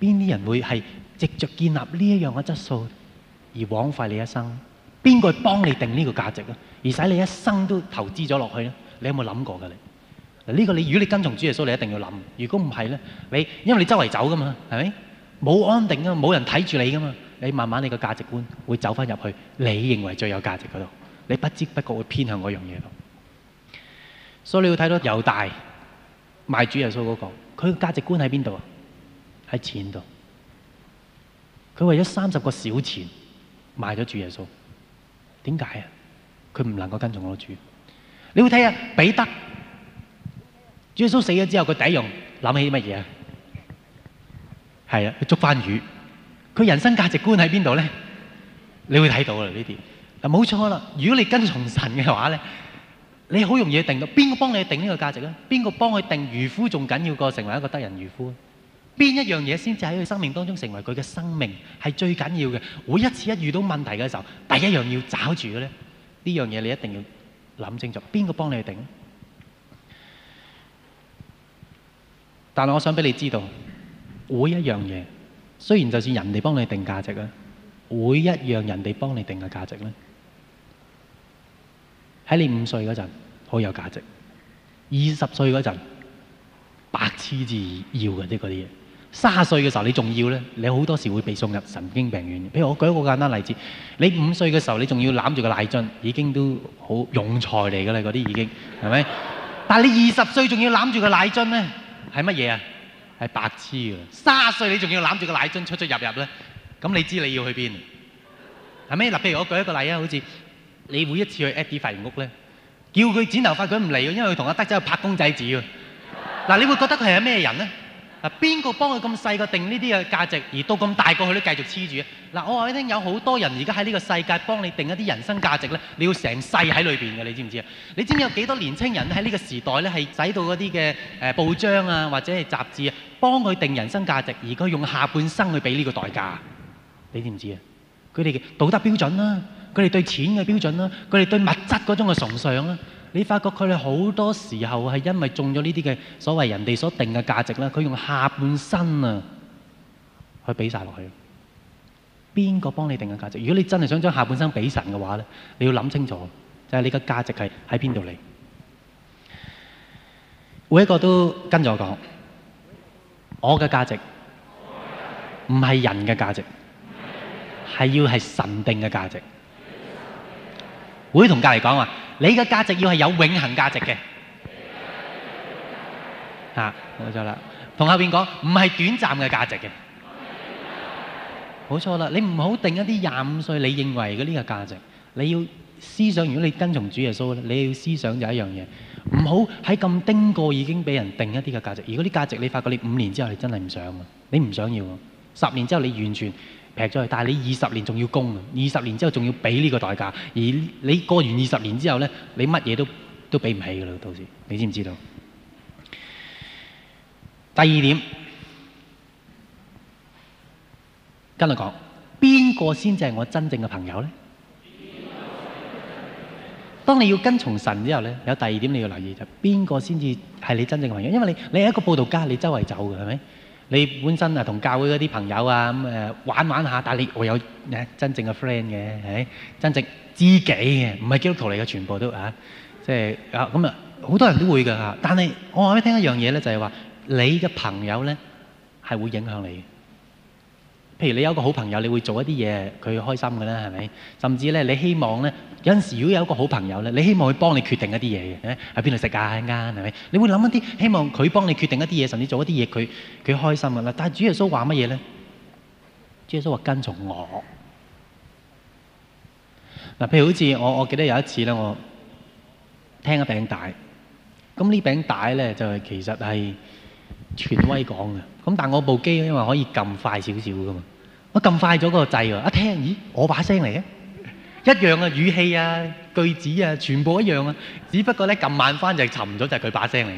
Speaker 1: 邊啲人會係直接建立呢一樣嘅質素而枉費你一生？邊個幫你定呢個價值啊？而使你一生都投資咗落去呢？你有冇諗過㗎？你、這、呢個你，如果你跟從主耶穌，你一定要諗。如果唔係呢，你因為你周圍走噶嘛，係咪？冇安定啊，冇人睇住你噶嘛。你慢慢你的價值觀會走翻入去，你認為最有價值嗰度，你不知不覺會偏向嗰樣嘢度。所以你要看到猶大賣主耶穌那個，他的價值觀在哪裏？在錢度。佢為了三十個小錢賣了主耶穌，點解啊？他不能夠跟從我主。你會睇下彼得，主耶穌死了之後，他第一樣諗起乜嘢啊？係啊，去捉翻魚。佢人生價值觀喺邊度呢？你會睇到啦，呢啲冇錯啦。如果你跟從神嘅話呢，你好容易定到邊個幫你定呢個價值呢，邊個幫佢定漁夫仲緊要過成為一個得人漁夫？邊一樣嘢先至喺佢生命當中成為佢嘅生命係最緊要嘅？每一次一遇到問題嘅時候，第一樣要找住嘅呢，呢樣嘢你一定要諗清楚，邊個幫你去定？但係我想俾你知道，每一樣嘢。雖然就算人哋幫你定價值咧，每一樣人哋幫你定嘅價值咧。喺你五歲嗰陣好有價值，二十歲嗰陣白痴至要嘅啲啲嘢，卅歲嘅時候你仲要咧？你好多時候會被送入神經病院。譬如我舉一個簡單例子，你五歲嘅時候你仲要攬住個奶樽，已經都好庸才嚟㗎啦，嗰啲已經係咪？ 但係你二十歲仲要攬住個奶樽咧，係乜嘢啊？係白痴啊！卅歲你仲要攬住個奶樽出出入入呢？咁你知道你要去邊？係咩？嗱，譬如我舉一個例啊，好似你每一次去 Eddie 髮型屋呢，叫佢剪頭髮，佢唔嚟嘅，因為佢同阿德仔拍公仔紙嘅。嗱， 你會覺得佢係咩人呢？嗱，邊個幫佢咁細個定呢啲嘅價值，而到咁大個佢都繼續黐住？嗱，我話你聽，有好多人而家喺呢個世界幫你定一啲人生價值咧，你要成世喺裏邊嘅，你知唔知啊？你知唔知有幾多年青人喺呢個時代咧係使到嗰啲嘅誒報章啊或者係雜誌啊幫佢定人生價值，而佢用下半生去俾呢個代價，你知唔知啊？佢哋嘅道德標準啦、啊，佢哋對錢嘅標準啦、啊，佢哋對物質嗰種嘅崇尚啦、啊。你發覺佢哋好多時候係因為中咗呢啲嘅所謂人哋所定嘅價值啦，佢用下半身啊去俾晒落去。邊個幫你定嘅價值？如果你真係想將下半身俾神嘅話咧，你要諗清楚，就係你嘅價值係喺邊度嚟？每一個都跟住我講，我嘅價值唔係人嘅價值，係要係神定嘅價值。會同隔籬講話，你嘅價值要係有永恆價值嘅，吓、嗯，冇錯啦。同後邊講唔係短暫嘅價值嘅，冇、嗯、錯啦。你唔好定一啲廿五歲你認為嘅呢個價值，你要思想。如果你跟從主耶穌咧，你要思想就係一樣嘢，唔好喺咁叮過已經俾人定一啲嘅價值。如果啲價值你發覺你五年之後你真係唔想，你唔想要，十年之後你完全。劈咗佢，但係你二十年仲要供啊！二十年之後仲要俾呢個代價，而你過完二十年之後咧，你乜嘢都都俾唔起噶啦！到時你知唔知道？第二點，跟佢講，邊個先至係我真正嘅朋友咧？當你要跟從神之後咧，有第二點你要留意就：邊個先至係你真正嘅朋友？因為你你係一個佈道家，你周圍走嘅係咪？你本身啊同教會嗰啲朋友啊咁誒玩玩下，但係你會有誒真正嘅 friend 嘅，係真正知己嘅，唔係基督徒嚟嘅，全部都嚇，即係啊咁、就是、啊好多人都會㗎嚇，但係我話俾你聽一樣嘢咧，就係、是、話你嘅朋友咧係會影響你。譬如你有個好朋友，你會做一啲嘢佢開心嘅啦，係咪？甚至咧，你希望咧，有陣時如果有一個好朋友咧，你希望佢幫你決定一啲嘢嘅，喺邊度食啊啱係咪？你會諗一啲希望佢幫你決定一啲嘢，甚至做一啲嘢佢佢開心嘅啦。但係主耶穌話乜嘢咧？主耶穌話跟從我。嗱，譬如好似我我記得有一次咧，我聽一餅帶，咁呢餅帶咧就係、是、其實係。權威講嘅，咁但我部機因為可以撳快少少㗎嘛，我撳快咗嗰個掣喎，一聽，咦，我把聲嚟啊，一樣啊，語氣啊，句子啊，全部一樣啊，只不過咧撳慢翻就沉咗，就係佢把聲嚟。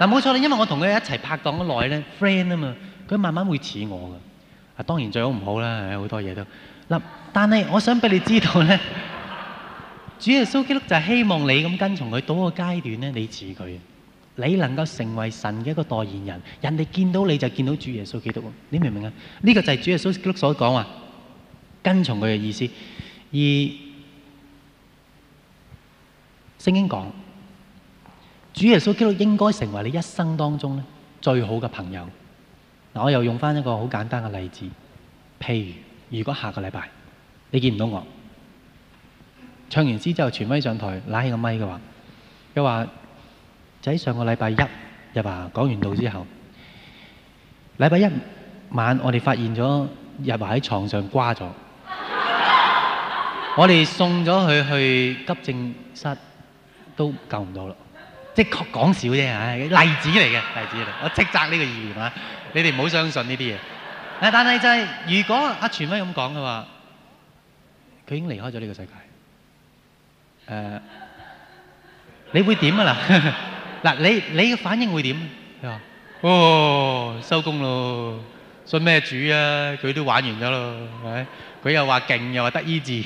Speaker 1: 嗱，冇錯啦，因為我同佢一齊拍檔咗耐咧，friend 啊嘛，佢慢慢會似我㗎。啊當然最好唔好啦，有好多嘢都。嗱，但係我想俾你知道咧，主要蘇基祿就係希望你咁跟從佢，到個階段咧，你似佢。你能夠成為神嘅一個代言人，人哋見到你就見到主耶穌基督，你明唔明啊？呢個就係主耶穌基督所講話，跟從佢嘅意思。而聖經講，主耶穌基督應該成為你一生當中咧最好嘅朋友。嗱，我又用翻一個好簡單嘅例子，譬如如果下個禮拜你見唔到我，唱完詩之後傳威上台拉起個咪嘅話又話。就喺上個禮拜一日華講完道之後，禮拜一晚我哋發現咗日華喺床上瓜咗，我哋送咗佢去急症室，都救唔到啦。即係講笑啫，唉，例子嚟嘅，例子嚟，我斥責呢個意念啊！你哋唔好相信呢啲嘢。誒，但係就係如果阿全威咁講嘅話，佢已經離開咗呢個世界，誒，你會點啊啦？嗱，你你嘅反應會點？佢話：哦，收工咯，信咩主啊？佢都玩完咗咯，係咪？佢又話勁，又話得醫治，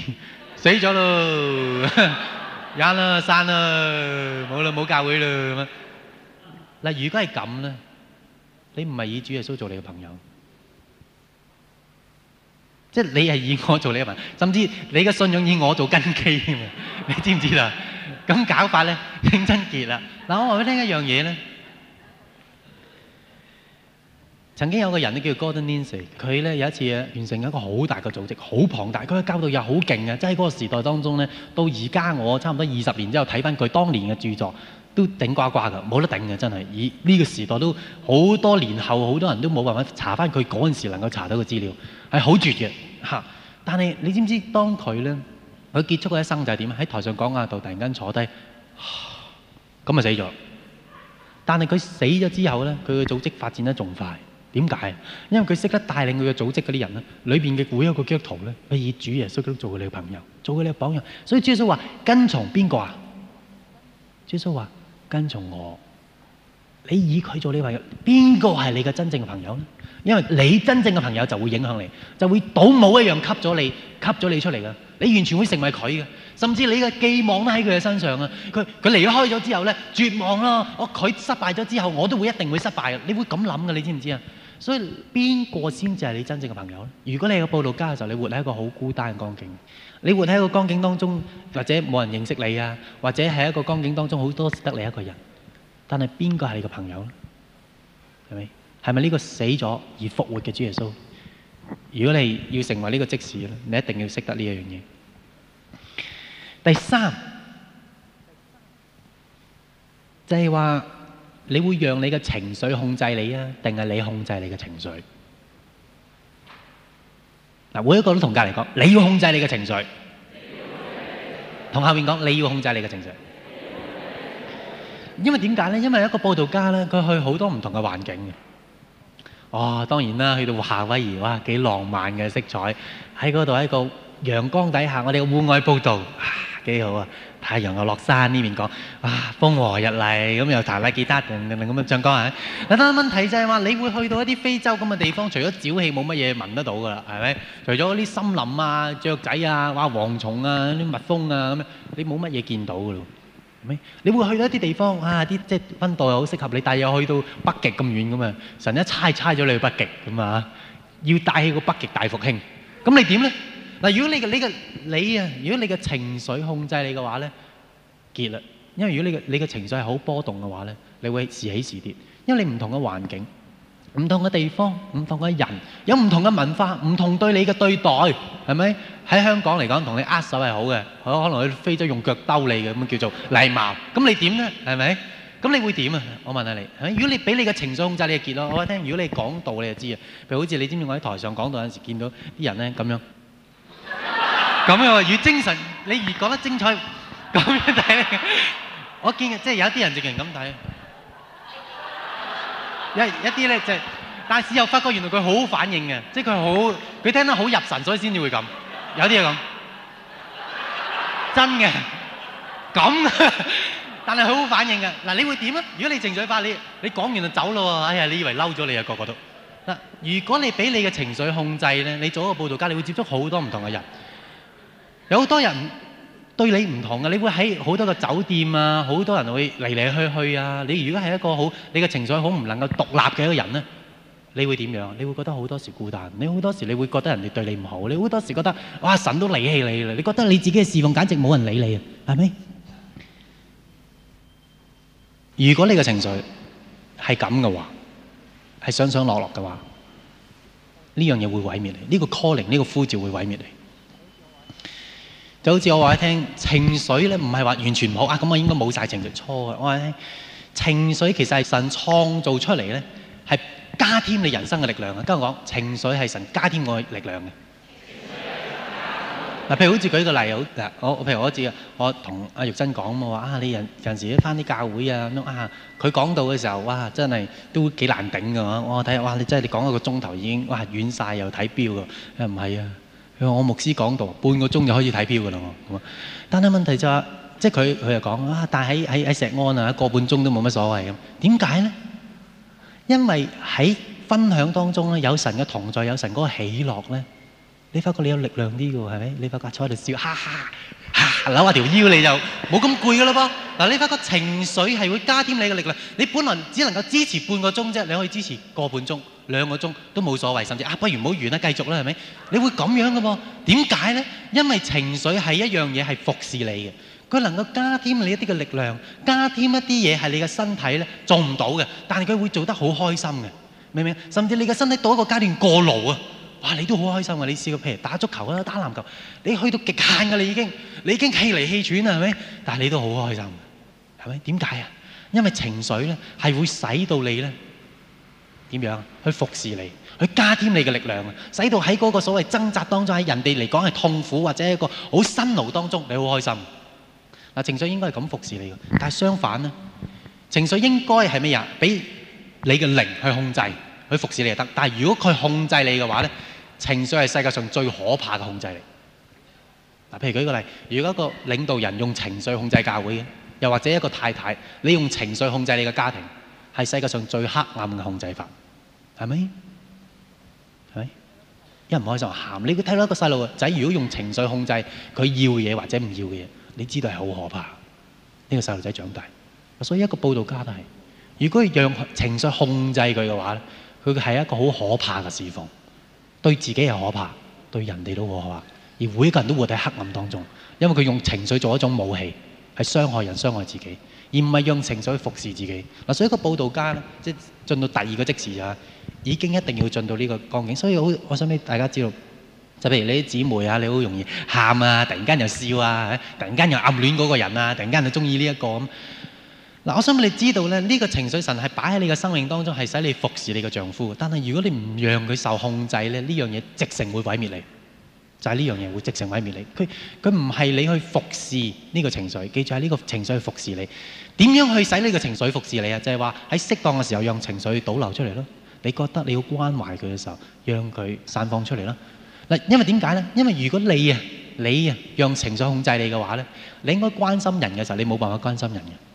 Speaker 1: 死咗咯，閂啦，散啦，冇啦，冇教會啦咁啊！嗱，如果係咁咧，你唔係以主耶穌做你嘅朋友，即係你係以我做你嘅朋友，甚至你嘅信仰以我做根基添，你知唔知啦？咁搞法咧，認真結啦！嗱，我話俾你聽一樣嘢咧，曾經有個人咧叫 Gordon Nis，佢咧有一次啊，完成一個好大嘅組織，好龐大。佢嘅教導又好勁嘅，即係嗰個時代當中咧。到而家我差唔多二十年之後睇翻佢當年嘅著作，都頂呱呱㗎，冇得頂嘅，真係。以呢個時代都好多年後，好多人都冇辦法查翻佢嗰陣時能夠查到嘅資料，係好絕嘅吓。但係你知唔知當佢咧？佢結束嗰一生就係點？喺台上講啊，度突然間坐低，咁啊死咗。但係佢死咗之後咧，佢嘅組織發展得仲快。點解？因為佢識得帶領佢嘅組織嗰啲人咧，裏邊嘅每一個基督徒咧，以主耶穌做佢哋嘅朋友，做佢哋嘅榜樣。所以耶穌話：跟從邊個啊？耶穌話：跟從我。你以佢做你嘅朋友，邊個係你嘅真正朋友咧？因為你真正嘅朋友就會影響你，就會倒模一樣吸咗你吸咗你出嚟㗎，你完全會成為佢嘅，甚至你嘅寄望都喺佢嘅身上啊！佢佢離開咗之後呢，絕望咯！佢失敗咗之後，我都會一定會失敗嘅，你會咁諗嘅，你知唔知啊？所以邊個先至係你真正嘅朋友咧？如果你係個佈道家嘅時候，你活喺一個好孤單嘅光景，你活喺一個光景當中，或者冇人認識你啊，或者喺一個光景當中好多時得你一個人，但係邊個係你嘅朋友咧？係咪？係咪呢個死咗而復活嘅主耶穌？如果你要成為呢個即使，咧，你一定要識得呢樣嘢。第三就係、是、話，你會讓你嘅情緒控制你啊，定係你控制你嘅情緒？嗱，每一個都同隔離講，你要控制你嘅情緒。同後面講，你要控制你嘅情，情，情緒。因為點解呢？因為一個佈道家呢，佢去好多唔同嘅環境。哦，當然啦，去到夏威夷，哇，幾浪漫嘅色彩，喺嗰度喺個陽光底下，我哋嘅戶外報道，啊，幾好啊！太陽又落山呢邊講，哇，風和日麗咁又查拉吉他，咁樣咁樣唱歌嚇。嗱，但問題就係話，你會去到一啲非洲咁嘅地方，除咗沼氣冇乜嘢聞得到噶啦，係咪？除咗嗰啲森林啊、雀仔啊、哇、蝗蟲啊、啲蜜蜂啊咁，你冇乜嘢見到噶咯。你會去到一啲地方啊，啲即係溫度又好適合你，但係又去到北極咁遠咁啊！神一猜猜咗你去北極咁啊！要帶起個北極大復興，咁你點呢？嗱，如果你嘅你嘅你啊，如果你嘅情緒控制你嘅話呢，結啦，因為如果你嘅你嘅情緒係好波動嘅話呢，你會時起時跌，因為你唔同嘅環境。唔同嘅地方，唔同嘅人，有唔同嘅文化，唔同對你嘅對待，係咪？喺香港嚟講，同你握手係好嘅，可能去非洲用腳兜你嘅，咁叫做禮貌。咁你點呢？係咪？咁你會點啊？我問下你。如果你俾你嘅情緒控制你嘅結咯，我聽。如果你講道，你就知啊。譬如好似你知唔知我喺台上講道有陣時見到啲人咧咁樣，咁樣話越精神。你越講得精彩，咁樣睇。我見即係有啲人直情咁睇。一一啲咧就係，但係事後發覺原來佢好反應嘅，即係佢好，佢聽得好入神，所以先至會咁。有啲嘢咁，真嘅，咁。但係佢好反應嘅。嗱，你會點咧？如果你情緒化，你你講完就走咯喎。哎呀，你以為嬲咗你啊？個個都嗱。如果你俾你嘅情緒控制咧，你做一個佈道家，你會接觸好多唔同嘅人，有好多人。對你唔同嘅，你會喺好多個酒店啊，好多人會嚟嚟去去啊。你如果係一個好，你嘅情緒好唔能夠獨立嘅一個人咧，你會點樣？你會覺得好多時孤單，你好多時你會覺得人哋對你唔好，你好多時覺得哇神都離棄你啦！你覺得你自己嘅侍奉簡直冇人理你啊，係咪？如果你嘅情緒係咁嘅話，係上上落落嘅話，呢樣嘢會毀滅你。呢個 calling，呢個呼召會毀滅你。就好似我話你聽，情緒咧唔係話完全唔好啊！咁我應該冇曬情緒錯嘅。我話你聽情緒其實係神創造出嚟咧，係加添你人生嘅力量啊！跟我講，情緒係神加添我嘅力量嘅。嗱，譬如好似舉個例好，嗱，我我譬如我自己，我同阿玉珍講，我話啊，你人陣時返啲教會啊咁啊，佢講到嘅時候，哇，真係都幾難頂㗎。我我睇下，哇，你真係講一個鐘頭已經，哇，軟曬又睇表㗎，係唔係啊？佢話我牧師講道半個鐘就可以睇錶㗎喇。咁但係問題就係、係，即係佢佢又講啊，但係喺石安呀，一個半鐘都冇乜所謂咁。點解呢？因為喺分享當中咧，有神嘅同在，有神嗰個喜樂呢。你發覺你有力量啲嘅喎，係咪？你發覺坐喺度笑，哈哈，扭下條腰你就冇咁攰㗎喇噃。嗱，你發覺情緒係會加添你嘅力量。你本來只能夠支持半個鐘啫，你可以支持個半鐘、兩個鐘都冇所謂，甚至啊，不如唔好完啦，繼續啦，係咪？你會咁樣嘅喎？點解咧？因為情緒係一樣嘢係服侍你嘅，佢能夠加添你一啲嘅力量，加添一啲嘢係你嘅身體咧做唔到嘅，但係佢會做得好開心嘅，明唔明？甚至你嘅身體到一個階段過勞啊！哇！你都好開心噶，你試過譬如打足球啦、打籃球，你去到極限噶啦，已經你已經氣嚟氣喘啦，係咪？但係你都好開心，係咪？點解啊？因為情緒咧係會使到你咧點樣去服侍你，去加添你嘅力量啊，使到喺嗰個所謂掙扎當中，喺人哋嚟講係痛苦或者一個好辛勞當中，你好開心。嗱，情緒應該係咁服侍你嘅，但係相反咧，情緒應該係咩啊？俾你嘅靈去控制。佢服侍你又得，但如果佢控制你嘅話咧，情緒係世界上最可怕嘅控制力。嗱，譬如舉個例，如果一個領導人用情緒控制教會嘅，又或者一個太太你用情緒控制你嘅家庭，係世界上最黑暗嘅控制法，係咪？係咪？一唔開心話喊，你睇到一個細路仔，如果用情緒控制佢要嘢或者唔要嘅嘢，你知道係好可怕。呢個細路仔長大，所以一個佈道家都係，如果要讓情緒控制佢嘅話咧。佢係一個好可怕嘅事奉，對自己係可怕，對人哋都可怕，而每個人都活喺黑暗當中，因為佢用情緒做一種武器，係傷害人、傷害自己，而唔係用情緒去服侍自己。嗱，所以一個佈道家咧，即係進到第二個即時就已，已經一定要進到呢個光景，所以我我想俾大家知道，就譬如你啲姊妹啊，你好容易喊啊，突然間又笑啊，突然間又暗戀嗰個人啊，突然間就中意呢一個咁。我想你知道咧，呢個情緒神係擺喺你嘅生命當中，係使你服侍你嘅丈夫。但係如果你唔讓佢受控制咧，呢樣嘢直成會毀滅你。就係呢樣嘢會直成毀滅你。佢佢唔係你去服侍呢個情緒，記住係呢個情緒去服侍你。點樣去使呢個情緒服侍你啊？就係話喺適當嘅時候，讓情緒倒流出嚟咯。你覺得你要關懷佢嘅時候，讓佢散放出嚟啦。嗱，因為點解咧？因為如果你啊你啊讓情緒控制你嘅話咧，你應該關心人嘅時候，你冇辦法關心人嘅。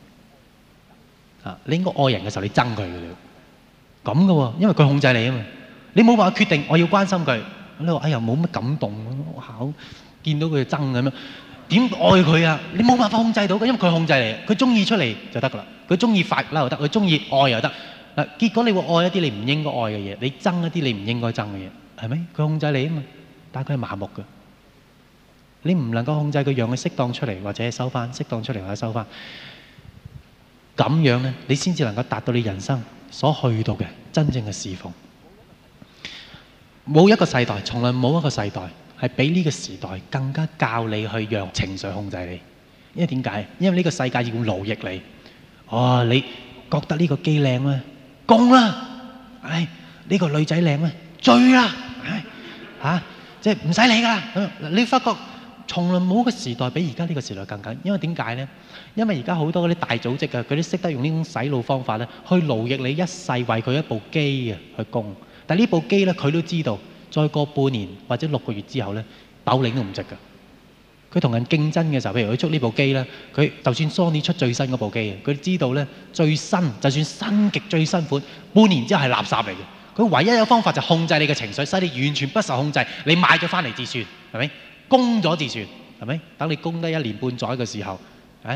Speaker 1: 啊！你應該愛人嘅時候，你憎佢嘅了，咁嘅喎，因為佢控制你啊嘛。你冇辦法決定我要關心佢，你話哎呀冇乜感動咁，我考見到佢憎咁樣，點愛佢啊？你冇辦法控制到嘅，因為佢控制你，佢中意出嚟就得噶啦，佢中意發嬲又得，佢中意愛又得。嗱，結果你會愛一啲你唔應該愛嘅嘢，你憎一啲你唔應該憎嘅嘢，係咪？佢控制你啊嘛，但係佢係麻木㗎，你唔能夠控制佢，讓佢適當出嚟或者收翻，適當出嚟或者收翻。咁樣咧，你先至能夠達到你人生所去到嘅真正嘅侍奉。冇一個世代，從來冇一個世代係比呢個時代更加教你去讓情緒控制你。因為點解？因為呢個世界要奴役你。啊，你覺得呢個機靚咧，供啦！唉，呢個女仔靚咧，追啦！唉，嚇，即係唔使理㗎啦。你發覺從來冇一個時代比而家呢個時代更緊，因為點解咧？因為而家好多嗰啲大組織，佢都識得用呢種洗腦方法去勞役你一世，為佢一部機啊去供。但這呢部機他佢都知道，再過半年或者六個月之後咧，鬥領都唔值㗎。佢同人競爭嘅時候，譬如佢出呢部機咧，佢就算 Sony 出最新嗰部機，佢知道最新就算新極最新款，半年之後係垃圾嚟嘅。佢唯一有方法就是控制你嘅情緒，使你完全不受控制。你買咗返嚟自算，係咪？供咗自算，係咪？等你供得一年半載嘅時候。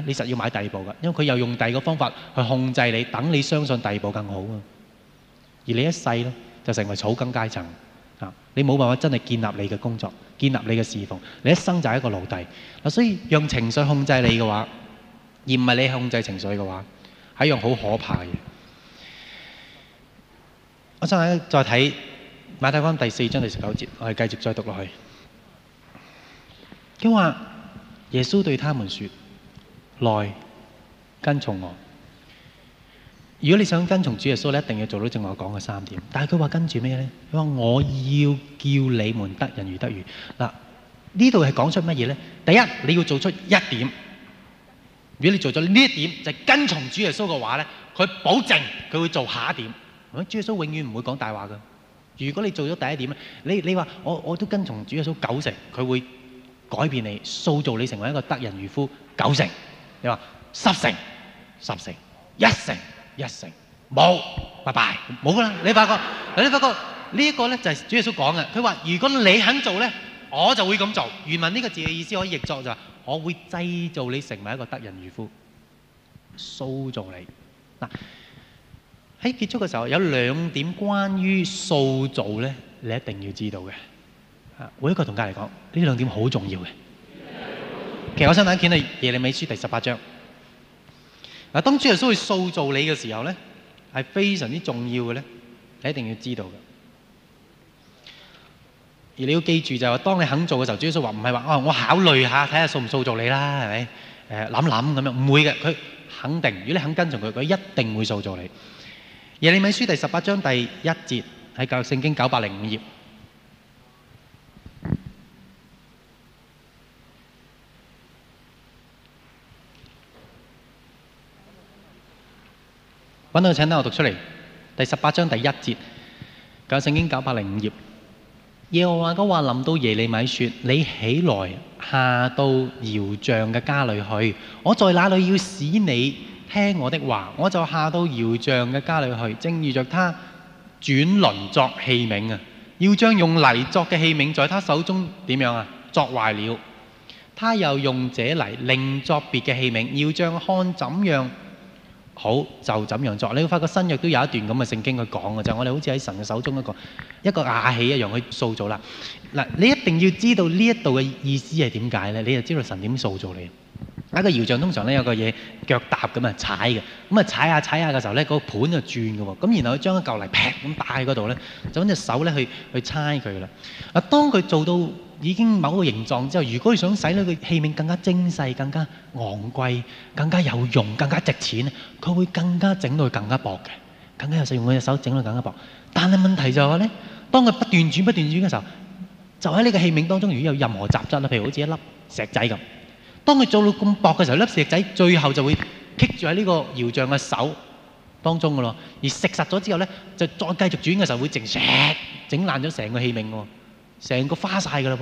Speaker 1: 你實要買第二部噶因為佢又用第二個方法去控制你，等你相信第二部更好。而你一世咯，就成為草根階層啊！你冇辦法真係建立你嘅工作，建立你嘅侍奉，你一生就係一個奴隸。所以用情緒控制你嘅話，而唔係你控制情緒嘅話，係一樣好可怕嘅。我我想再睇馬太福音第四章第十九節，我哋繼續再讀落去。佢說耶穌對他們說。來跟從我。如果你想跟從主耶穌咧，你一定要做到正我講嘅三點。但係佢話跟住咩咧？佢話我要叫你們得人如得魚嗱。呢度係講出乜嘢咧？第一，你要做出一點。如果你做咗呢一點就係、是、跟從主耶穌嘅話咧，佢保證佢會做下一點。主耶穌永遠唔會講大話噶。如果你做咗第一點咧，你你話我我都跟從主耶穌九成，佢會改變你，塑造你成為一個得人如夫九成。你話十成、十成、一成、一成，冇，拜拜，冇啦。你發覺，你發覺呢一個咧就係主耶穌講嘅。佢話：如果你肯做咧，我就會咁做。原文呢個字嘅意思，可以譯作就係：我會製造你成為一個得人漁夫，塑造你。嗱，喺結束嘅時候有兩點關於塑造咧，你一定要知道嘅。啊，每一個佈道家嚟講，呢兩點好重要嘅。其實我想帶啲見啊，耶利米書第十八章。嗱，當主耶穌去塑造你嘅時候咧，係非常之重要嘅咧，你一定要知道。而你要記住就係，當你肯做嘅時候，主耶穌話唔係話哦，我考慮下，睇下塑唔塑造你啦，係咪？誒諗諗咁樣，唔會嘅，佢肯定。如果你肯跟從佢，佢一定會塑造你。耶利米書第十八章第一節喺舊聖經九百零五頁。揾到請等我讀出嚟，第十八章第一節，舊聖經九百零五頁。耶和華嘅話臨到耶利米説：你起來下到窯匠嘅家裏去，我在哪裏要使你聽我的話。我就下到窯匠嘅家裏去，正遇着他轉輪作器皿啊，要將用泥作嘅器皿在他手中點樣啊，作壞了。他又用這泥另作別嘅器皿，要將看怎樣。好就咁樣作？你會發覺新約都有一段咁嘅聖經去講嘅，就係、是、我哋好似喺神嘅手中一個一個瓦器一樣去塑造啦。嗱，你一定要知道呢一度嘅意思係點解咧？你就知道神點塑造你。一個搖像通常咧有個嘢腳踏咁啊踩嘅，咁啊踩下踩下嘅時候咧，嗰、那個盤就轉嘅喎。咁然後佢將一嚿泥劈咁打喺嗰度咧，就揾隻手咧去去猜佢啦。啊，當佢做到。已經某個形狀之後，如果你想使呢個器皿更加精細、更加昂貴、更加有用、更加值錢，佢會更加整到佢更加薄嘅，更加有時用佢隻手整到更加薄。但係問題就係話咧，當佢不斷轉、不斷轉嘅時候，就喺呢個器皿當中如果有任何雜質啦，譬如好似一粒石仔咁，當佢做到咁薄嘅時候，呢粒石仔最後就會棘住喺呢個窯匠嘅手當中嘅咯，而食實咗之後咧，就再繼續轉嘅時候會直石整爛咗成個器皿喎。成個花晒㗎啦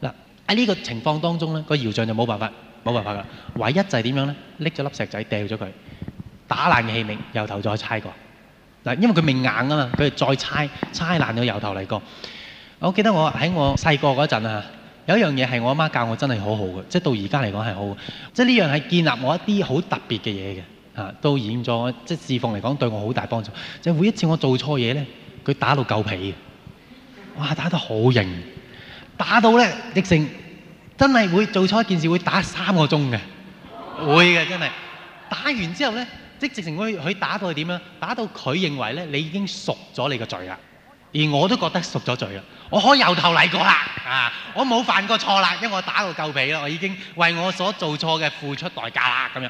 Speaker 1: 噃！嗱，喺呢個情況當中咧，個搖像就冇辦法，冇辦法㗎。唯一就係點樣咧？拎咗粒石仔掉咗佢，打爛嘅器皿，由頭再猜過。嗱，因為佢未硬啊嘛，佢再猜，猜爛咗由頭嚟過。我記得我喺我細個嗰陣啊，有一樣嘢係我阿媽教我真係好好嘅，即係到而家嚟講係好嘅，即係呢樣係建立我一啲好特別嘅嘢嘅嚇，都演咗即係侍奉嚟講對我好大幫助。即係每一次我做錯嘢咧，佢打到夠皮。哇！打得好型，打到咧，直情真係會做錯一件事，會打三個鐘嘅，會嘅真係。打完之後咧，即直情佢佢打到係點樣？打到佢認為咧，你已經贖咗你個罪啦，而我都覺得贖咗罪啦，我可以由頭嚟過啦，啊！我冇犯過錯啦，因為我打到夠皮啦，我已經為我所做錯嘅付出代價啦，咁樣。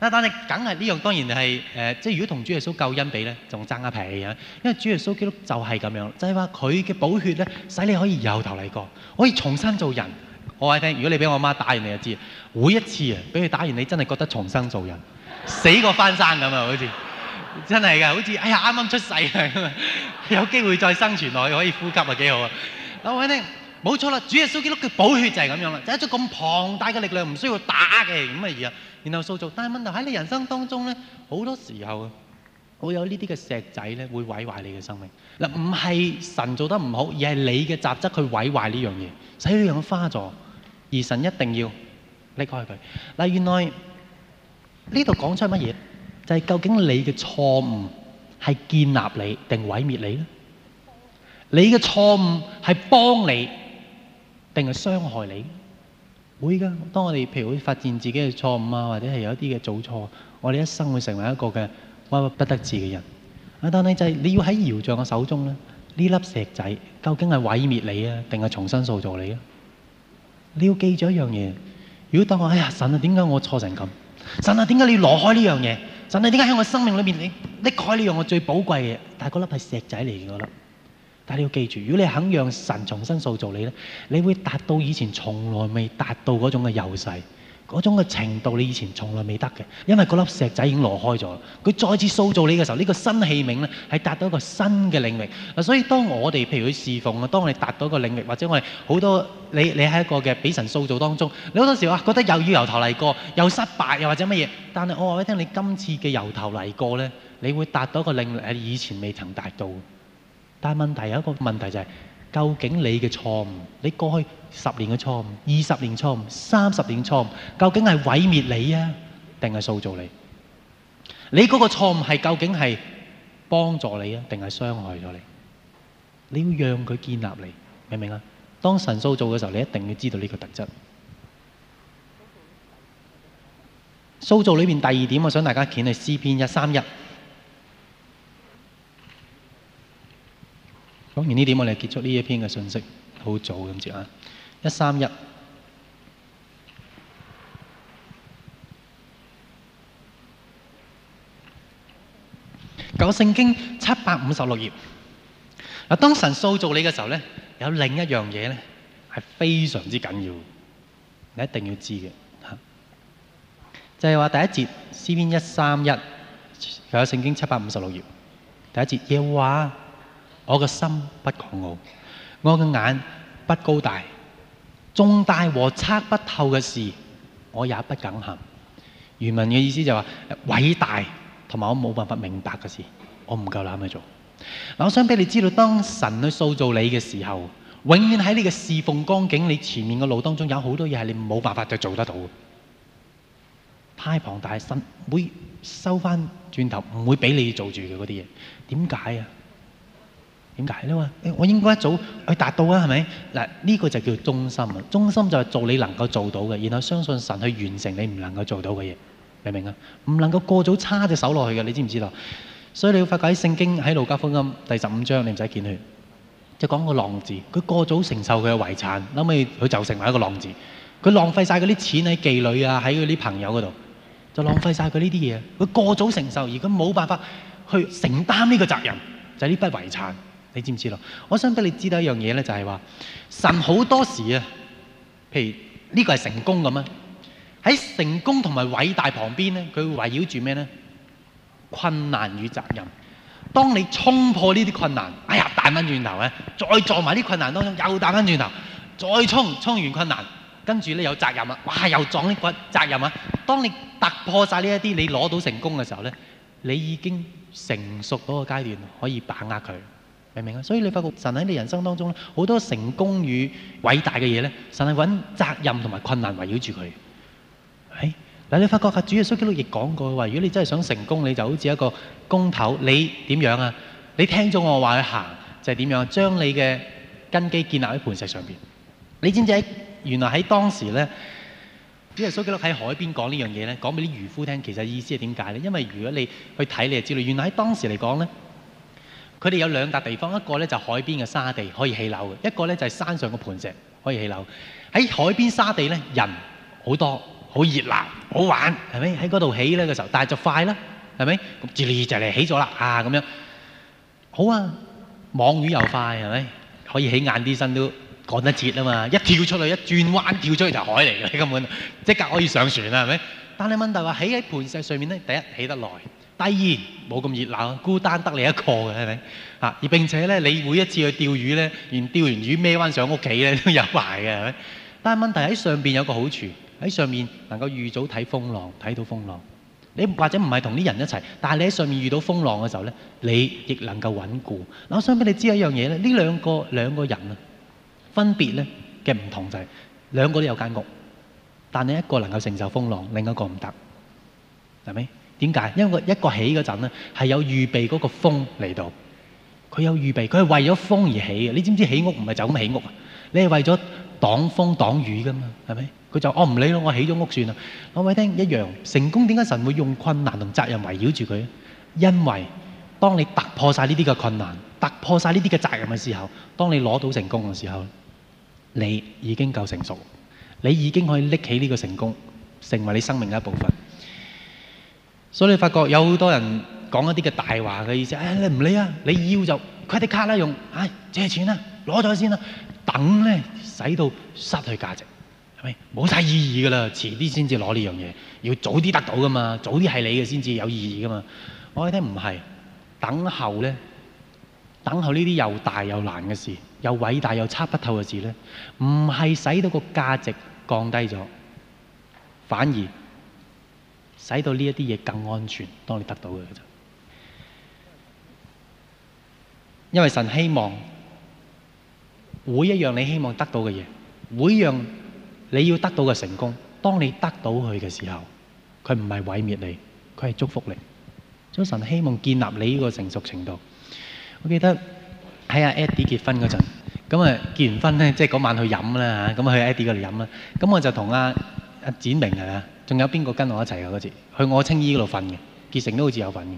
Speaker 1: 但係梗係呢樣當然係誒，即係如果同主耶穌救恩比咧，仲爭一皮啊！因為主耶穌基督就係咁樣，就係話佢嘅寶血咧，使你可以由頭嚟過，可以重新做人。我話你聽，如果你俾我媽打完你就知，每一次啊，俾佢打完你真係覺得重生做人，死過翻生咁啊，好似真係㗎，好似哎呀啱啱出世啊咁啊， 有機會再生存落去可以呼吸啊，幾好啊！我話你聽，冇錯啦，主耶穌基督嘅寶血就係咁樣啦，就一種咁龐大嘅力量，唔需要打嘅咁嘅嘢然後塑造，但係問題喺你人生當中咧，好多時候會有呢啲嘅石仔咧，會毀壞你嘅生命。嗱，唔係神做得唔好，而係你嘅雜質去毀壞呢樣嘢，使呢樣花咗。而神一定要離開佢。嗱，原來呢度講出乜嘢？就係究竟你嘅錯誤係建立你定毀滅你咧？你嘅錯誤係幫你定係傷害你？會噶，當我哋譬如會發現自己嘅錯誤啊，或者係有一啲嘅做錯，我哋一生會成為一個嘅屈屈不得志嘅人。啊，但係就係你要喺窰匠嘅手中咧，呢粒石仔究竟係毀滅你啊，定係重新塑造你啊？你要記住一樣嘢，如果當我，哎呀，神啊，點解我錯成咁？神啊，點解你要攞開呢樣嘢？神啊，點解喺我生命裏面你拎開呢樣我最寶貴嘅，但係嗰粒係石仔嚟嘅。嗰粒。但你要記住，如果你肯讓神重新塑造你呢，你會達到以前從來未達到嗰種嘅優勢，嗰種嘅程度你以前從來未得嘅。因為嗰粒石仔已經挪開咗，佢再次塑造你嘅時候，呢個新器皿呢係達到一個新嘅領域。所以當我哋譬如去侍奉，當我哋達到一個領域，或者我哋好多你你喺一個嘅俾神塑造當中，你好多時候覺得又要由頭嚟過，又失敗，又或者乜嘢。但係我話俾你聽，你今次嘅由頭嚟過呢，你會達到一個領域，以前未曾達到。但問題有一個問題就係究竟你嘅錯誤，你過去十年嘅錯誤、二十年錯誤、三十年的錯誤，究竟係毀滅你啊，定係塑造你？你嗰個錯誤係究竟係幫助你啊，定係傷害咗你？你要讓佢建立你，明唔明啊？當神塑造嘅時候，你一定要知道呢個特質。嗯。塑造裏面第二點，我想大家見係詩篇一三一。講完呢點，我哋結束呢一篇嘅信息，好早咁樣啊！一三一，舊聖經七百五十六頁。嗱，當神塑造你嘅時候咧，有另一樣嘢咧，係非常之緊要，你一定要知嘅吓。就係話第一節，詩篇一三一，舊聖經七百五十六頁，第一節耶和華。我嘅心不狂傲，我嘅眼不高大，重大和測不透嘅事，我也不敢行。原文嘅意思就係話偉大同埋我冇辦法明白嘅事，我唔夠膽去做。嗱，我想俾你知道，當神去塑造你嘅時候，永遠喺你嘅侍奉光景，你前面嘅路當中有好多嘢係你冇辦法就做得到嘅，太龐大神，神會收翻轉頭，唔會俾你做住嘅嗰啲嘢。點解啊？點解呢？我應該一早去達到啊，係咪？嗱，呢個就叫忠心啊！忠心就係做你能夠做到嘅，然後相信神去完成你唔能夠做到嘅嘢，明唔明啊？唔能夠過早叉隻手落去嘅，你知唔知道？所以你要發覺喺聖經喺路加福音第十五章，你唔使見血，就講個浪子。佢過早承受佢嘅遺產，後屘佢就成為一個浪子。佢浪費晒佢啲錢喺妓女啊，喺佢啲朋友嗰度，就浪費晒佢呢啲嘢。佢過早承受，而佢冇辦法去承擔呢個責任，就係呢筆遺產。你知唔知咯？我想俾你知道一樣嘢咧，就係、是、話，神好多時啊。譬如呢、這個係成功咁啊，喺成功同埋偉大旁邊咧，佢會圍繞住咩咧？困難與責任。當你衝破呢啲困難，哎呀，彈翻轉頭咧，再撞埋啲困難當中，又彈翻轉頭，再衝衝完困難，跟住咧有責任啊，哇，又撞呢個責任啊。當你突破晒呢一啲，你攞到成功嘅時候咧，你已經成熟嗰個階段，可以把握佢。所以你發覺神喺你人生當中咧，好多成功與偉大嘅嘢咧，神係揾責任同埋困難圍繞住佢。哎，嗱，你發覺阿主耶穌基督亦講過的話：如果你真係想成功，你就好似一個工頭，你點樣啊？你聽咗我話去行就係、是、點樣啊？將你嘅根基建立喺磐石上邊。你知唔知？原來喺當時咧，主耶穌基督喺海邊講呢樣嘢咧，講俾啲漁夫聽，其實意思係點解咧？因為如果你去睇你就知道，原來喺當時嚟講咧。佢哋有兩笪地方，一個咧就海邊嘅沙地可以起樓嘅，一個咧就山上嘅盤石可以起樓。喺海邊沙地咧，人好多，好熱鬧，好玩，係咪？喺嗰度起咧嘅時候，但係就快啦，係咪？咁，摺就嚟起咗啦，啊咁樣，好啊，網魚又快，係咪？可以起晏啲身都趕得切啊嘛，一跳出去一轉彎跳出去就海嚟嘅，你根本即刻可以上船啦，係咪？但係問題話起喺盤石上面咧，第一起得耐。第二，冇咁熱鬧，孤單得你一個嘅，係咪？啊！而並且咧，你每一次去釣魚咧，連釣完魚孭翻上屋企咧都有埋嘅。係咪？但係問題喺上邊有個好處，喺上面能夠預早睇風浪，睇到風浪。你或者唔係同啲人一齊，但係你喺上面遇到風浪嘅時候咧，你亦能夠穩固。嗱，我想俾你知一樣嘢咧，呢兩個兩個人啊，分別咧嘅唔同就係兩個都有間屋，但你一個能夠承受風浪，另一個唔得，係咪？點解？因為一個起嗰陣咧，係有預備嗰個風嚟到，佢有預備，佢係為咗風而起嘅。你知唔知起屋唔係就咁起屋啊？你係為咗擋風擋雨噶嘛，係咪？佢就我唔、哦、理咯，我起咗屋算啦。我話你聽一樣成功，點解神會用困難同責任圍繞住佢？因為當你突破晒呢啲嘅困難，突破晒呢啲嘅責任嘅時候，當你攞到成功嘅時候，你已經夠成熟，你已經可以拎起呢個成功，成為你生命嘅一部分。所以你發覺有好多人講一啲嘅大話嘅意思，唉、哎、你唔理啊，你要就 credit card 啦用，唉、哎、借錢啦，攞咗先啦，等咧使到失去價值，係咪冇曬意義㗎啦？遲啲先至攞呢樣嘢，要早啲得到㗎嘛，早啲係你嘅先至有意義㗎嘛。我覺得唔係，等候咧，等候呢啲又大又難嘅事，又偉大又猜不透嘅事咧，唔係使到個價值降低咗，反而，使到呢一啲嘢更安全，當你得到嘅啫。因為神希望每一樣你希望得到嘅嘢，每一樣你要得到嘅成功。當你得到佢嘅時候，佢唔係毀滅你，佢係祝福你。所以神希望建立你呢個成熟程度。我記得喺阿 Eddie 結婚嗰陣，咁啊結完婚咧，即係嗰晚去飲啦嚇，咁去 Eddie 嗰度飲啦。咁我就同阿阿展明啊。仲有邊個跟我一齊啊？嗰次去我青衣嗰度瞓嘅，結成都好似有份嘅。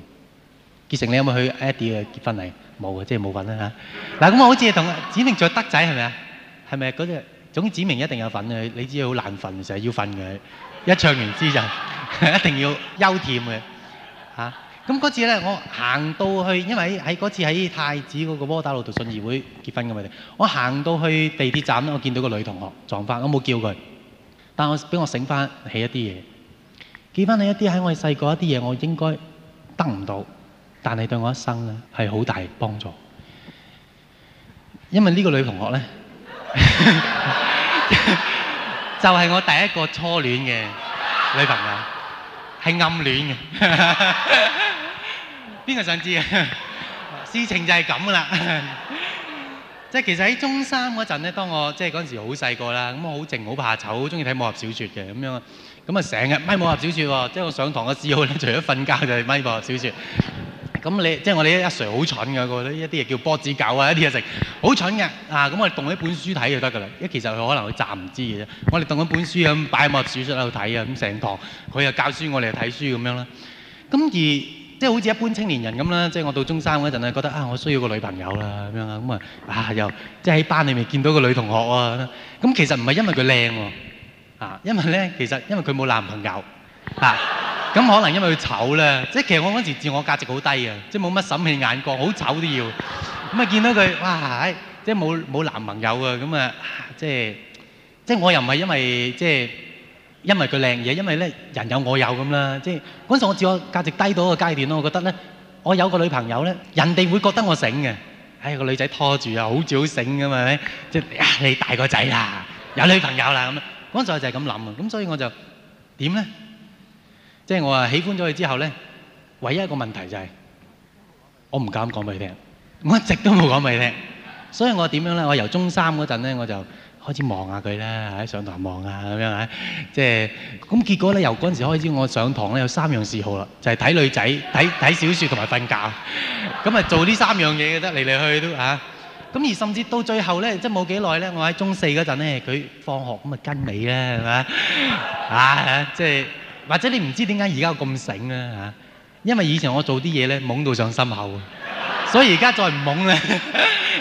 Speaker 1: 結成，你有冇去 Eddie 嘅結婚禮？冇嘅，即係冇份啦嚇。嗱，咁我好似同子明在德仔係咪啊？係咪嗰隻總子明一定有份嘅。你知好難瞓，成日要瞓嘅。一唱完詩就一定要休甜嘅嚇。咁嗰次咧，我行到去，因為喺嗰次喺太子嗰個窩打老道信義會結婚嘅咪，我行到去地鐵站咧，我見到個女同學撞翻，我冇叫佢。但我俾我醒翻起一啲嘢，記翻起一啲喺我哋細個一啲嘢，我應該得唔到，但係對我一生咧係好大幫助。因為呢個女同學咧，就係我第一個初戀嘅女朋友，係暗戀嘅。邊個想知啊？事情就係咁噶啦。即係其實喺中三嗰陣咧，當我，當我即係嗰陣時好細個啦，咁我好靜，好怕醜，好中意睇武俠小説嘅咁樣，咁啊成日咪武俠小説，即係我上堂嘅嗜好，除咗瞓覺就係咪武俠小説。咁你即係我哋阿 Sir 好蠢㗎，嗰啲一啲嘢叫波子狗啊，一啲嘢食，好蠢㗎。啊，咁我哋讀一本書睇就得㗎啦，因為其實佢可能佢暫唔知嘅啫。我哋讀一本書咁，擺喺武俠小説喺度睇啊，咁成堂佢又教書，我哋又睇書咁樣啦。咁而即係好似一般青年人咁啦，即係我到中三嗰陣啊，覺得啊，我需要個女朋友啦，咁樣啦，咁啊，啊又即係喺班裡面見到個女同學喎，咁其實唔係因為佢靚喎，啊，因為咧其實因為佢冇男朋友，啊，咁可能因為佢醜啦，即係其實我嗰陣時自我價值好低嘅，即係冇乜審美眼光，好醜都要，咁啊見到佢，哇，唉，即係冇冇男朋友啊，咁啊，即係即係我又唔係因為即係。因為佢靚嘢，因為咧人有我有咁啦，即係嗰陣我自我價值低到一個階段咯，我覺得咧，我有個女朋友咧，人哋會覺得我醒嘅，唉個女仔拖住又好似好醒咁嘛，即係呀你大個仔啦，有女朋友啦咁，嗰陣我就係咁諗啊，咁所以我就點咧，即係我話喜歡咗佢之後咧，唯一一個問題就係我唔敢講俾你聽，我一直都冇講俾你聽，所以我點樣咧？我由中三嗰陣咧我就。開始望下佢啦，喺上堂望下咁樣啊，即係咁結果咧，由嗰陣時開始，我上堂咧有三樣嗜好啦，就係睇女仔、睇睇小説同埋瞓覺。咁啊做呢三樣嘢嘅得嚟嚟去去都嚇。咁而甚至到最後咧，即係冇幾耐咧，我喺中四嗰陣咧，佢放學咁啊跟你啦，係咪啊？即係或者你唔知點解而家我咁醒啦嚇？因為以前我做啲嘢咧懵到上心口啊，所以而家再唔懵咧。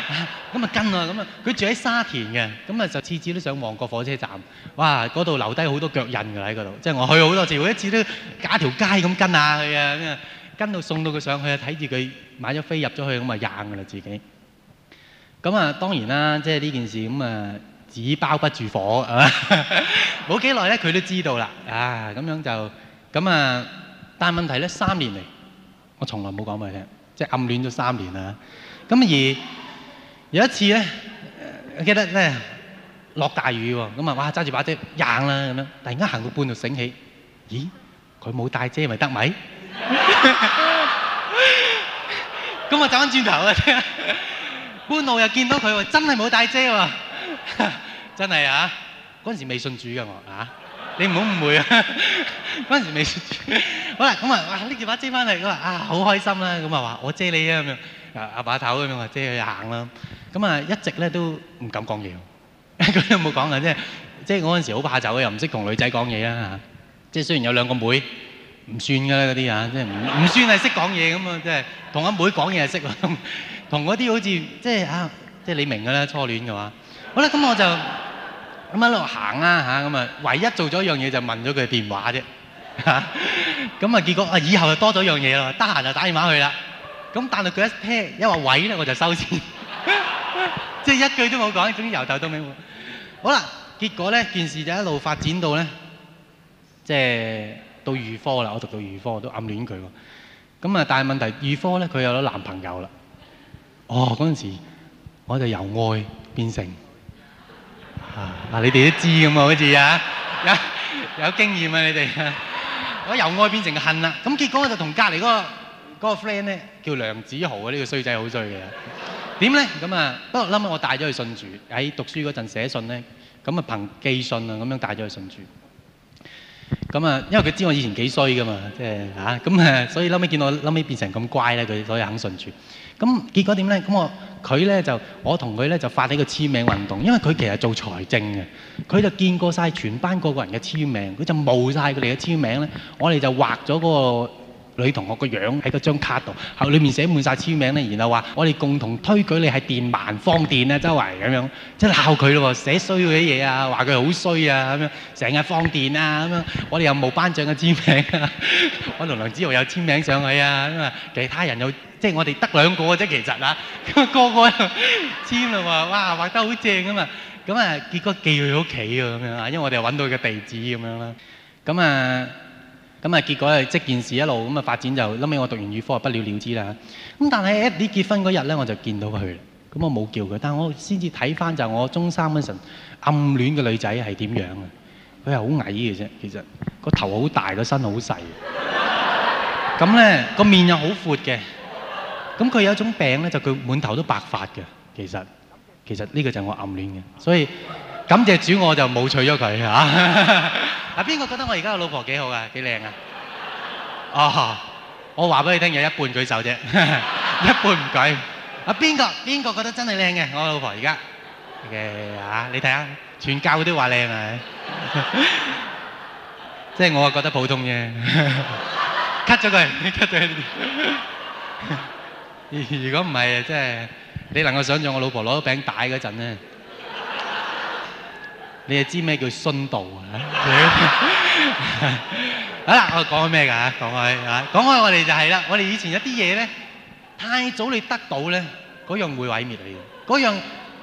Speaker 1: 咁啊跟啊咁啊，佢住喺沙田嘅，咁啊就次次都上旺角火車站，哇！嗰度留低好多腳印㗎喺嗰度，即係我去好多次，每一次都架條街咁跟下佢啊，咁啊跟到送到佢上去啊，睇住佢買咗飛入咗去，咁啊硬㗎啦自己。咁啊，當然啦，即係呢件事咁啊，紙包不住火啊。冇幾耐咧，佢都知道啦。啊，咁樣就咁啊，但係問題咧，三年嚟我從來冇講俾佢聽，即係暗戀咗三年啊。咁而，有一次咧，記得咧落大雨喎，咁啊哇揸住把遮行啦咁樣，突然間行到半路醒起，咦佢冇帶遮咪得咪？咁啊走翻轉頭啊，半路又見到佢話真係冇帶遮喎，真係啊嗰陣時未信主嘅我啊，你唔好誤會啊嗰陣時未信主，好啦咁啊拎住把遮翻嚟，咁啊啊好開心啦，咁啊話我遮你啊咁樣，阿把頭咁樣話遮佢行啦。咁啊，一直咧都唔敢講嘢，佢有冇講啊，即係即係我嗰陣時好怕醜嘅，又唔識同女仔講嘢啊，即係雖然有兩個妹，唔算嘅啦嗰啲啊，即係唔唔算係識講嘢咁啊，即係同阿妹講嘢係識，同嗰啲好似即係啊，即係你明嘅啦，初戀嘅話，好啦，咁我就咁一路行啦嚇，咁啊唯一做咗一樣嘢就問咗佢電話啫，嚇，咁啊結果啊以後就多咗一樣嘢咯，得閒就打電話去啦，咁但係佢一聽因為位咧我就收錢。即 係一句都冇講，總之由頭到尾好啦。結果咧，件事就一路發展到咧，即係到預科啦。我讀到預科，我都暗戀佢。咁啊，但係問題預科咧，佢有咗男朋友啦。哦，嗰陣時我就由愛變成啊，你哋都知咁啊，好似啊，有有經驗啊，你哋啊，我由愛變成恨啦。咁結果我就同隔籬嗰個嗰個 friend 咧，叫梁子豪啊，呢個衰仔好衰嘅。點咧？咁啊，不過嬲尾我帶咗佢信主，喺讀書嗰陣寫信咧，咁啊，憑寄信啊咁樣帶咗佢信主。咁啊，因為佢知我以前幾衰噶嘛，即係嚇，咁啊，所以嬲尾見我嬲尾變成咁乖咧，佢所以肯信主。咁結果點咧？咁我佢咧就我同佢咧就發起個簽名運動，因為佢其實做財政嘅，佢就見過晒全班個個人嘅簽名，佢就冇晒佢哋嘅簽名咧，我哋就畫咗嗰個。女同學個樣喺嗰張卡度，後裏面寫滿晒簽名咧，然後話我哋共同推舉你係電盲放電啊，周圍咁樣，即係鬧佢咯，寫衰佢啲嘢啊，話佢好衰啊咁樣，成日放電啊咁樣，我哋又冇頒獎嘅簽名啊，我同梁子豪有簽名上去啊，咁啊其他人又即係我哋得兩個啫，其實啊，咁啊個個簽啊話，哇畫得好正啊嘛，咁啊結果寄佢屋企啊咁樣啊，因為我哋揾到佢嘅地址咁樣啦，咁啊。咁啊，結果咧，即件事一路咁啊發展就，後尾我讀完預科就不了了之啦。咁但係 Andy 結婚嗰日咧，我就見到佢啦。咁我冇叫佢，但係我先至睇翻就我中三嗰陣暗戀嘅女仔係點樣啊？佢係好矮嘅啫，其實個頭好大，個身好細。咁咧個面又好闊嘅。咁佢有一種病咧，就佢滿頭都白髮嘅。其實其實呢個就係我暗戀嘅，所以感謝主，我就冇娶咗佢嚇。 啊！邊個覺得我而家個老婆幾好啊？幾靚啊？哦，我話俾你聽，有一半舉手啫， 一半唔舉。啊，邊個邊個覺得真係靚嘅？我老婆而家嘅嚇，okay, uh, 你睇下，全教都話靚啊！即 係我覺得普通啫。cut 咗佢，cut 咗佢。如果唔係，即係你能夠想像我老婆攞到餅帶嗰陣咧？你就知咩叫殉道啊！好啦，我講緊咩㗎？講開啊，講開我哋就係啦。我哋以前一啲嘢咧，太早你得到咧，嗰樣會毀滅你。嗰樣，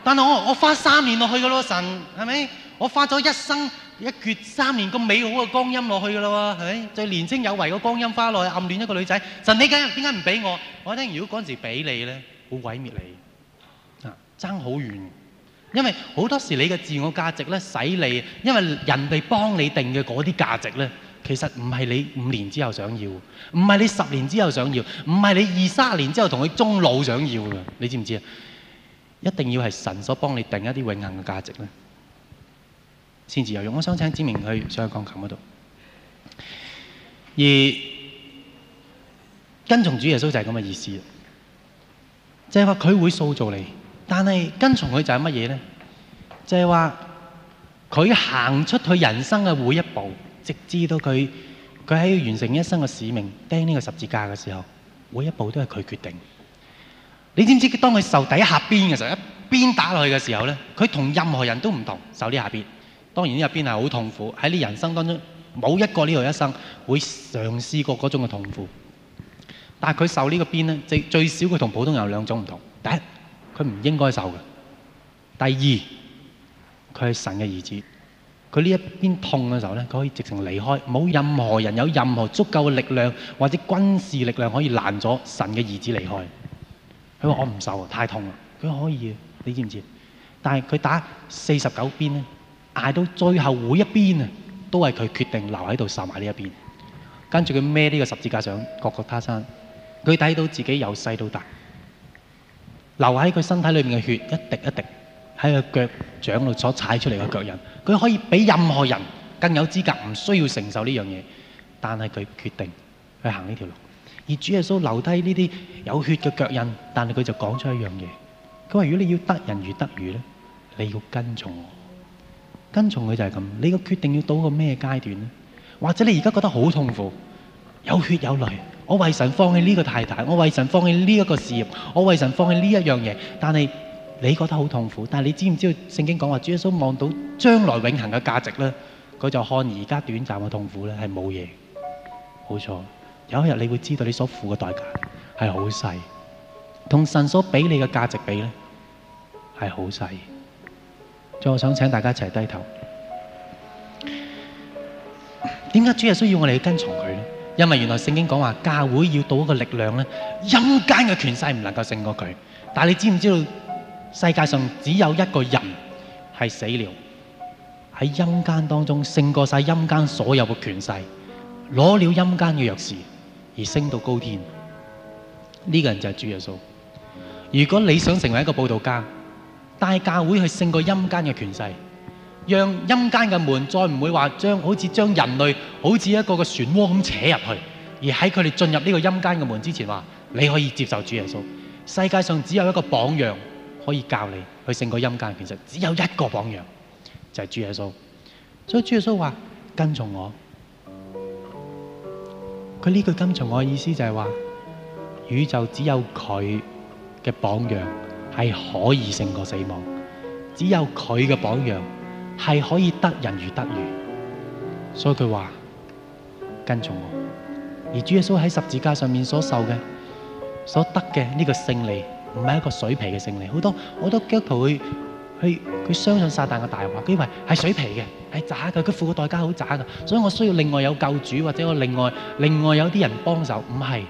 Speaker 1: 但係我我花三年落去嘅咯，神係咪？我花咗一生一決三年咁美好嘅光陰落去嘅咯喎，係咪？最年青有為嘅光陰花落去暗戀一個女仔，神你點解點解唔俾我？我聽，如果嗰陣時俾你咧，會毀滅你啊，爭好遠。因為好多時你嘅自我價值咧，使你因為人哋幫你定嘅嗰啲價值咧，其實唔係你五年之後想要，唔係你十年之後想要，唔係你二三十年之後同佢終老想要嘅，你知唔知啊？一定要係神所幫你定一啲永恒嘅價值咧，先至有用。我想請子明去上去鋼琴嗰度，而跟從主耶穌就係咁嘅意思，就係話佢會塑造你。但係跟從佢就係乜嘢呢？就係話佢行出佢人生嘅每一步，直至到佢佢喺完成一生嘅使命釘呢個十字架嘅時候，每一步都係佢決定。你知唔知道當佢受第一下鞭嘅時候，一鞭打落去嘅時候呢，佢同任何人都唔同。受呢下鞭，當然呢入邊係好痛苦。喺你人生當中，冇一個呢個一生會嘗試過嗰種嘅痛苦。但係佢受呢個鞭呢，最最少佢同普通人有兩種唔同。第一。佢唔應該受嘅。第二，佢係神嘅兒子，佢呢一邊痛嘅時候呢，佢可以直情離開，冇任何人有任何足夠嘅力量或者軍事力量可以攔咗神嘅兒子離開。佢話：我唔受啊，太痛啦！佢可以，你知唔知？但係佢打四十九鞭呢，挨到最後每一鞭啊，都係佢決定留喺度受埋呢一邊。跟住佢孭呢個十字架上，各各他山，佢睇到自己由細到大。留喺佢身體裏面嘅血一滴一滴喺個腳掌度所踩出嚟嘅腳印，佢可以比任何人更有資格唔需要承受呢樣嘢，但係佢決定去行呢條路。而主耶穌留低呢啲有血嘅腳印，但係佢就講出一樣嘢，佢話：如果你要得人如得魚咧，你要跟從我。跟從佢就係咁，你個決定要到個咩階段咧？或者你而家覺得好痛苦，有血有淚。我為神放棄呢個太太，我為神放棄呢一個事業，我為神放棄呢一樣嘢。但係你覺得好痛苦，但係你知唔知道聖經講話，主耶穌望到將來永恒嘅價值咧，佢就看而家短暫嘅痛苦咧，係冇嘢。冇錯，有一日你會知道你所付嘅代價係好細，同神所俾你嘅價值比咧，係好細。仲想請大家一齊低頭。點解主耶穌要我哋去跟從佢？因為原來聖經講話教會要到一個力量咧，陰間嘅權勢唔能夠勝過佢。但係你知唔知道世界上只有一個人係死了喺陰間當中勝過晒陰間所有嘅權勢，攞了陰間嘅鑰匙而升到高天。呢、這個人就係主耶穌。如果你想成為一個佈道家，帶教會去勝過陰間嘅權勢。讓陰間嘅門再唔會話將好似將人類好似一個個漩渦咁扯入去，而喺佢哋進入呢個陰間嘅門之前，話你可以接受主耶穌。世界上只有一個榜樣可以教你去勝過陰間，其實只有一個榜樣就係主耶穌。所以主耶穌話跟從我，佢呢句跟從我嘅意思就係話宇宙只有佢嘅榜樣係可以勝過死亡，只有佢嘅榜樣。係可以得人如得魚，所以佢話跟從我。而主耶穌喺十字架上面所受嘅、所得嘅呢個勝利，唔係一個水皮嘅勝利。好多我都驚佢，去佢相信撒旦嘅大話，佢以為係水皮嘅，係渣㗎，佢付個代價好渣嘅，所以我需要另外有救主，或者我另外另外有啲人幫手。唔係，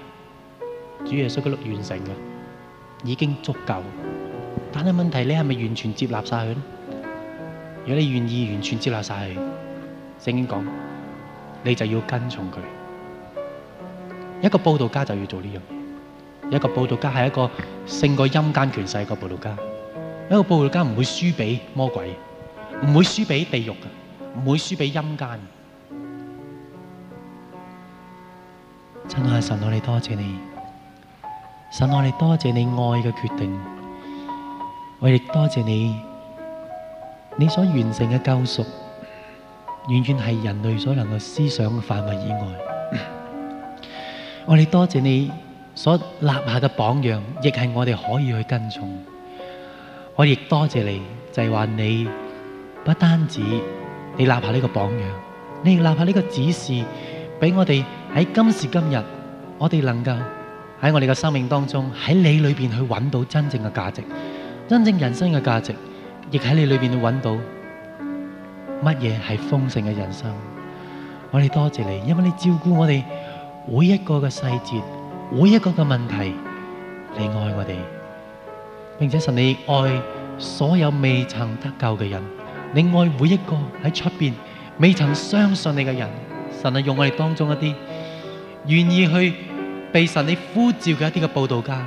Speaker 1: 主耶穌佢完成嘅，已經足夠。但係問題你係咪完全接納晒佢咧？如果你願意完全接納曬，聖經講，你就要跟從佢。一個佈道家就要做呢樣嘢。一個佈道家係一個勝過陰間權勢嘅佈道家。一個佈道家唔會輸俾魔鬼，唔會輸俾地獄，唔會輸俾陰間。親愛神，我哋多謝你。神，我哋多謝你愛嘅決定。我亦多謝你。你所完成嘅救贖，遠遠係人類所能夠思想嘅範圍以外。 我哋多謝你所立下嘅榜樣，亦係我哋可以去跟從。我亦多謝你，就係、是、話就係話你不單止你立下呢個榜樣，你立下呢個指示，俾我哋喺今時今日，我哋能夠喺我哋嘅生命當中，喺你裏邊去揾到真正嘅價值，真正人生嘅價值。亦喺你裏邊去揾到乜嘢係豐盛嘅人生。我哋多謝你，因為你照顧我哋每一個嘅細節，每一個嘅問題，你愛我哋，並且神你愛所有未曾得救嘅人，你愛每一個喺出邊未曾相信你嘅人。神係用我哋當中一啲願意去被神你呼召嘅一啲嘅佈道家，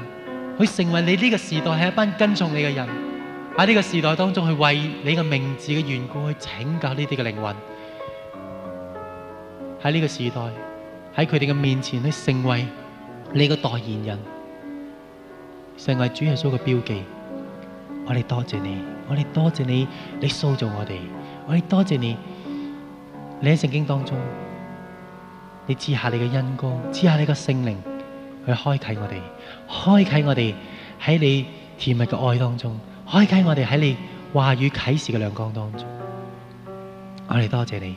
Speaker 1: 去成為你呢個時代係一班跟從你嘅人。喺呢個時代當中，去為你個名字嘅緣故，去請教呢啲嘅靈魂。喺呢個時代，喺佢哋嘅面前，去成為你個代言人，成為主耶穌嘅標記。我哋多謝你，我哋多謝你，你塑造我哋。我哋多謝你，你喺聖經當中，你知下你嘅恩光，知下你嘅聖靈，去開啟我哋，開啟我哋喺你甜蜜嘅愛當中。開啟我哋喺你話語啟示嘅亮光當中，我哋多謝你，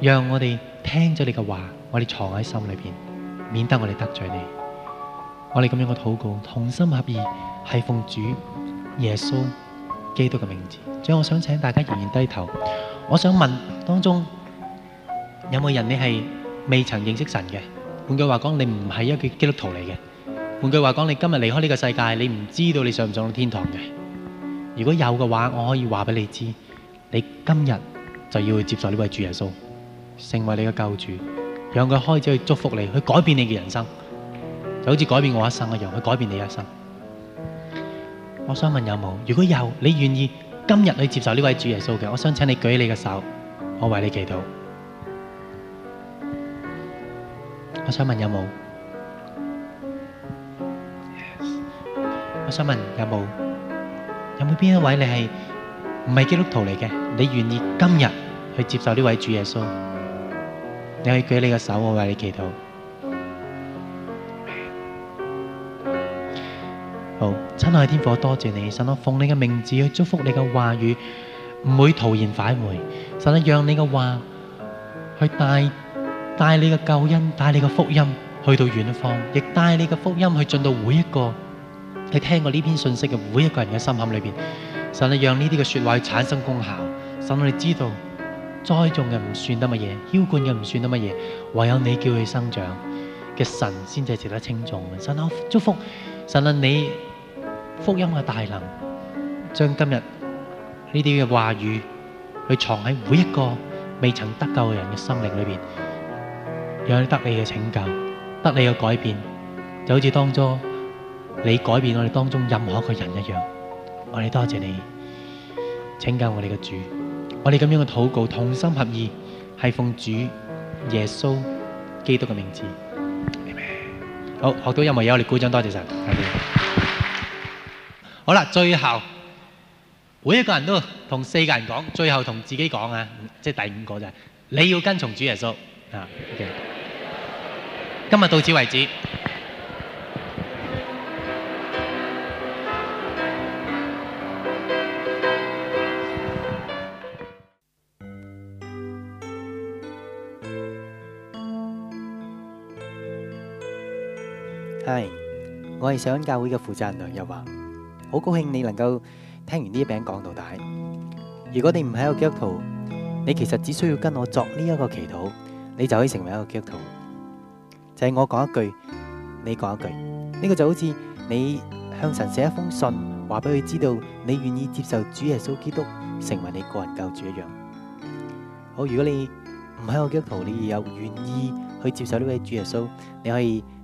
Speaker 1: 讓我哋聽咗你嘅話，我哋藏喺心裏邊，免得我哋得罪你。我哋咁樣嘅禱告，同心合意，係奉主耶穌基督嘅名字。最後，我想請大家仍然低頭。我想問當中有冇人？你係未曾認識神嘅？換句話講，你唔係一個基督徒嚟嘅？換句話講，你今日離開呢個世界，你唔知道你上唔上到天堂嘅？如果有嘅話，我可以話俾你知，你今日就要去接受呢位主耶穌，成為你嘅救主，讓佢開始去祝福你，去改變你嘅人生，就好似改變我一生一樣，去改變你一生。我想問有冇？如果有，你願意今日去接受呢位主耶穌嘅？我想請你舉起你嘅手，我為你祈禱。我想問有冇？我想問有冇？有冇邊一位你係唔係基督徒嚟嘅？你願意今日去接受呢位主耶穌？你可以舉你個手，我為你祈禱。好，親愛的天父，多謝你，神，我奉你嘅名字去祝福你嘅話語，唔會徒然返回。神啊，讓你嘅話去帶帶你嘅救恩，帶你嘅福，福音去到遠方，亦帶你嘅福音去進到每一個。你聽過呢篇信息嘅每一個人嘅心坎裏邊，神啊，讓呢啲嘅説話去產生功效，神啊，讓你知道栽種嘅唔算得乜嘢，澆灌嘅唔算得乜嘢，唯有你叫佢生長嘅神先至值得稱頌。神啊，我祝福神啊，讓你福音嘅大能，將今日呢啲嘅話語去藏喺每一個未曾得救嘅人嘅心靈裏邊，讓佢得你嘅拯救，得你嘅改變，就好似當初。你改變我哋當中任何一個人一樣，我哋多謝你請教我哋嘅主，我哋咁樣嘅禱告同心合意，係奉主耶穌基督嘅名字，Amen。好，學到任何嘢我哋鼓掌，多謝神。好啦，最後每一個人都同四個人講，最後同自己講啊，即係第五個就係：你要跟從主耶穌啊。Okay. 今日到此為止。係，我係上恩教會嘅負責人梁又華，好高興你能夠聽完呢一篇講道。如果你唔係一個基督徒，你其實只需要跟我作呢一個祈禱，你就可以成為一個基督徒。就係、是、我講一句，你講一句，呢、這個就好似你向神寫一封信，話俾佢知道你願意接受主耶穌基督成為你個人救主一樣。好，如果你唔係一個基督徒，你有願意去接受呢位主耶穌，你可以。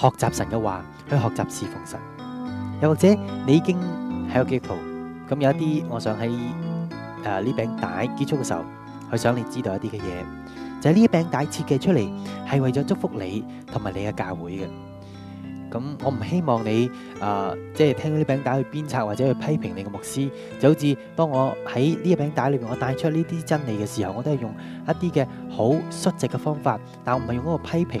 Speaker 1: 學習神嘅話，去學習侍奉神。又或者你已經喺個教會，咁有一啲，我想喺誒呢餅帶結束嘅時候，去想你知道一啲嘅嘢，就係呢餅帶設計出嚟係為咗祝福你同埋你嘅教會嘅。咁我唔希望你誒，即係聽到呢餅帶去鞭策，或者去批評你嘅牧師，就好似當我喺呢餅帶裏面，我帶出呢啲真理嘅時候，我都係用一啲嘅好率直嘅方法，但係我唔係用嗰個批評。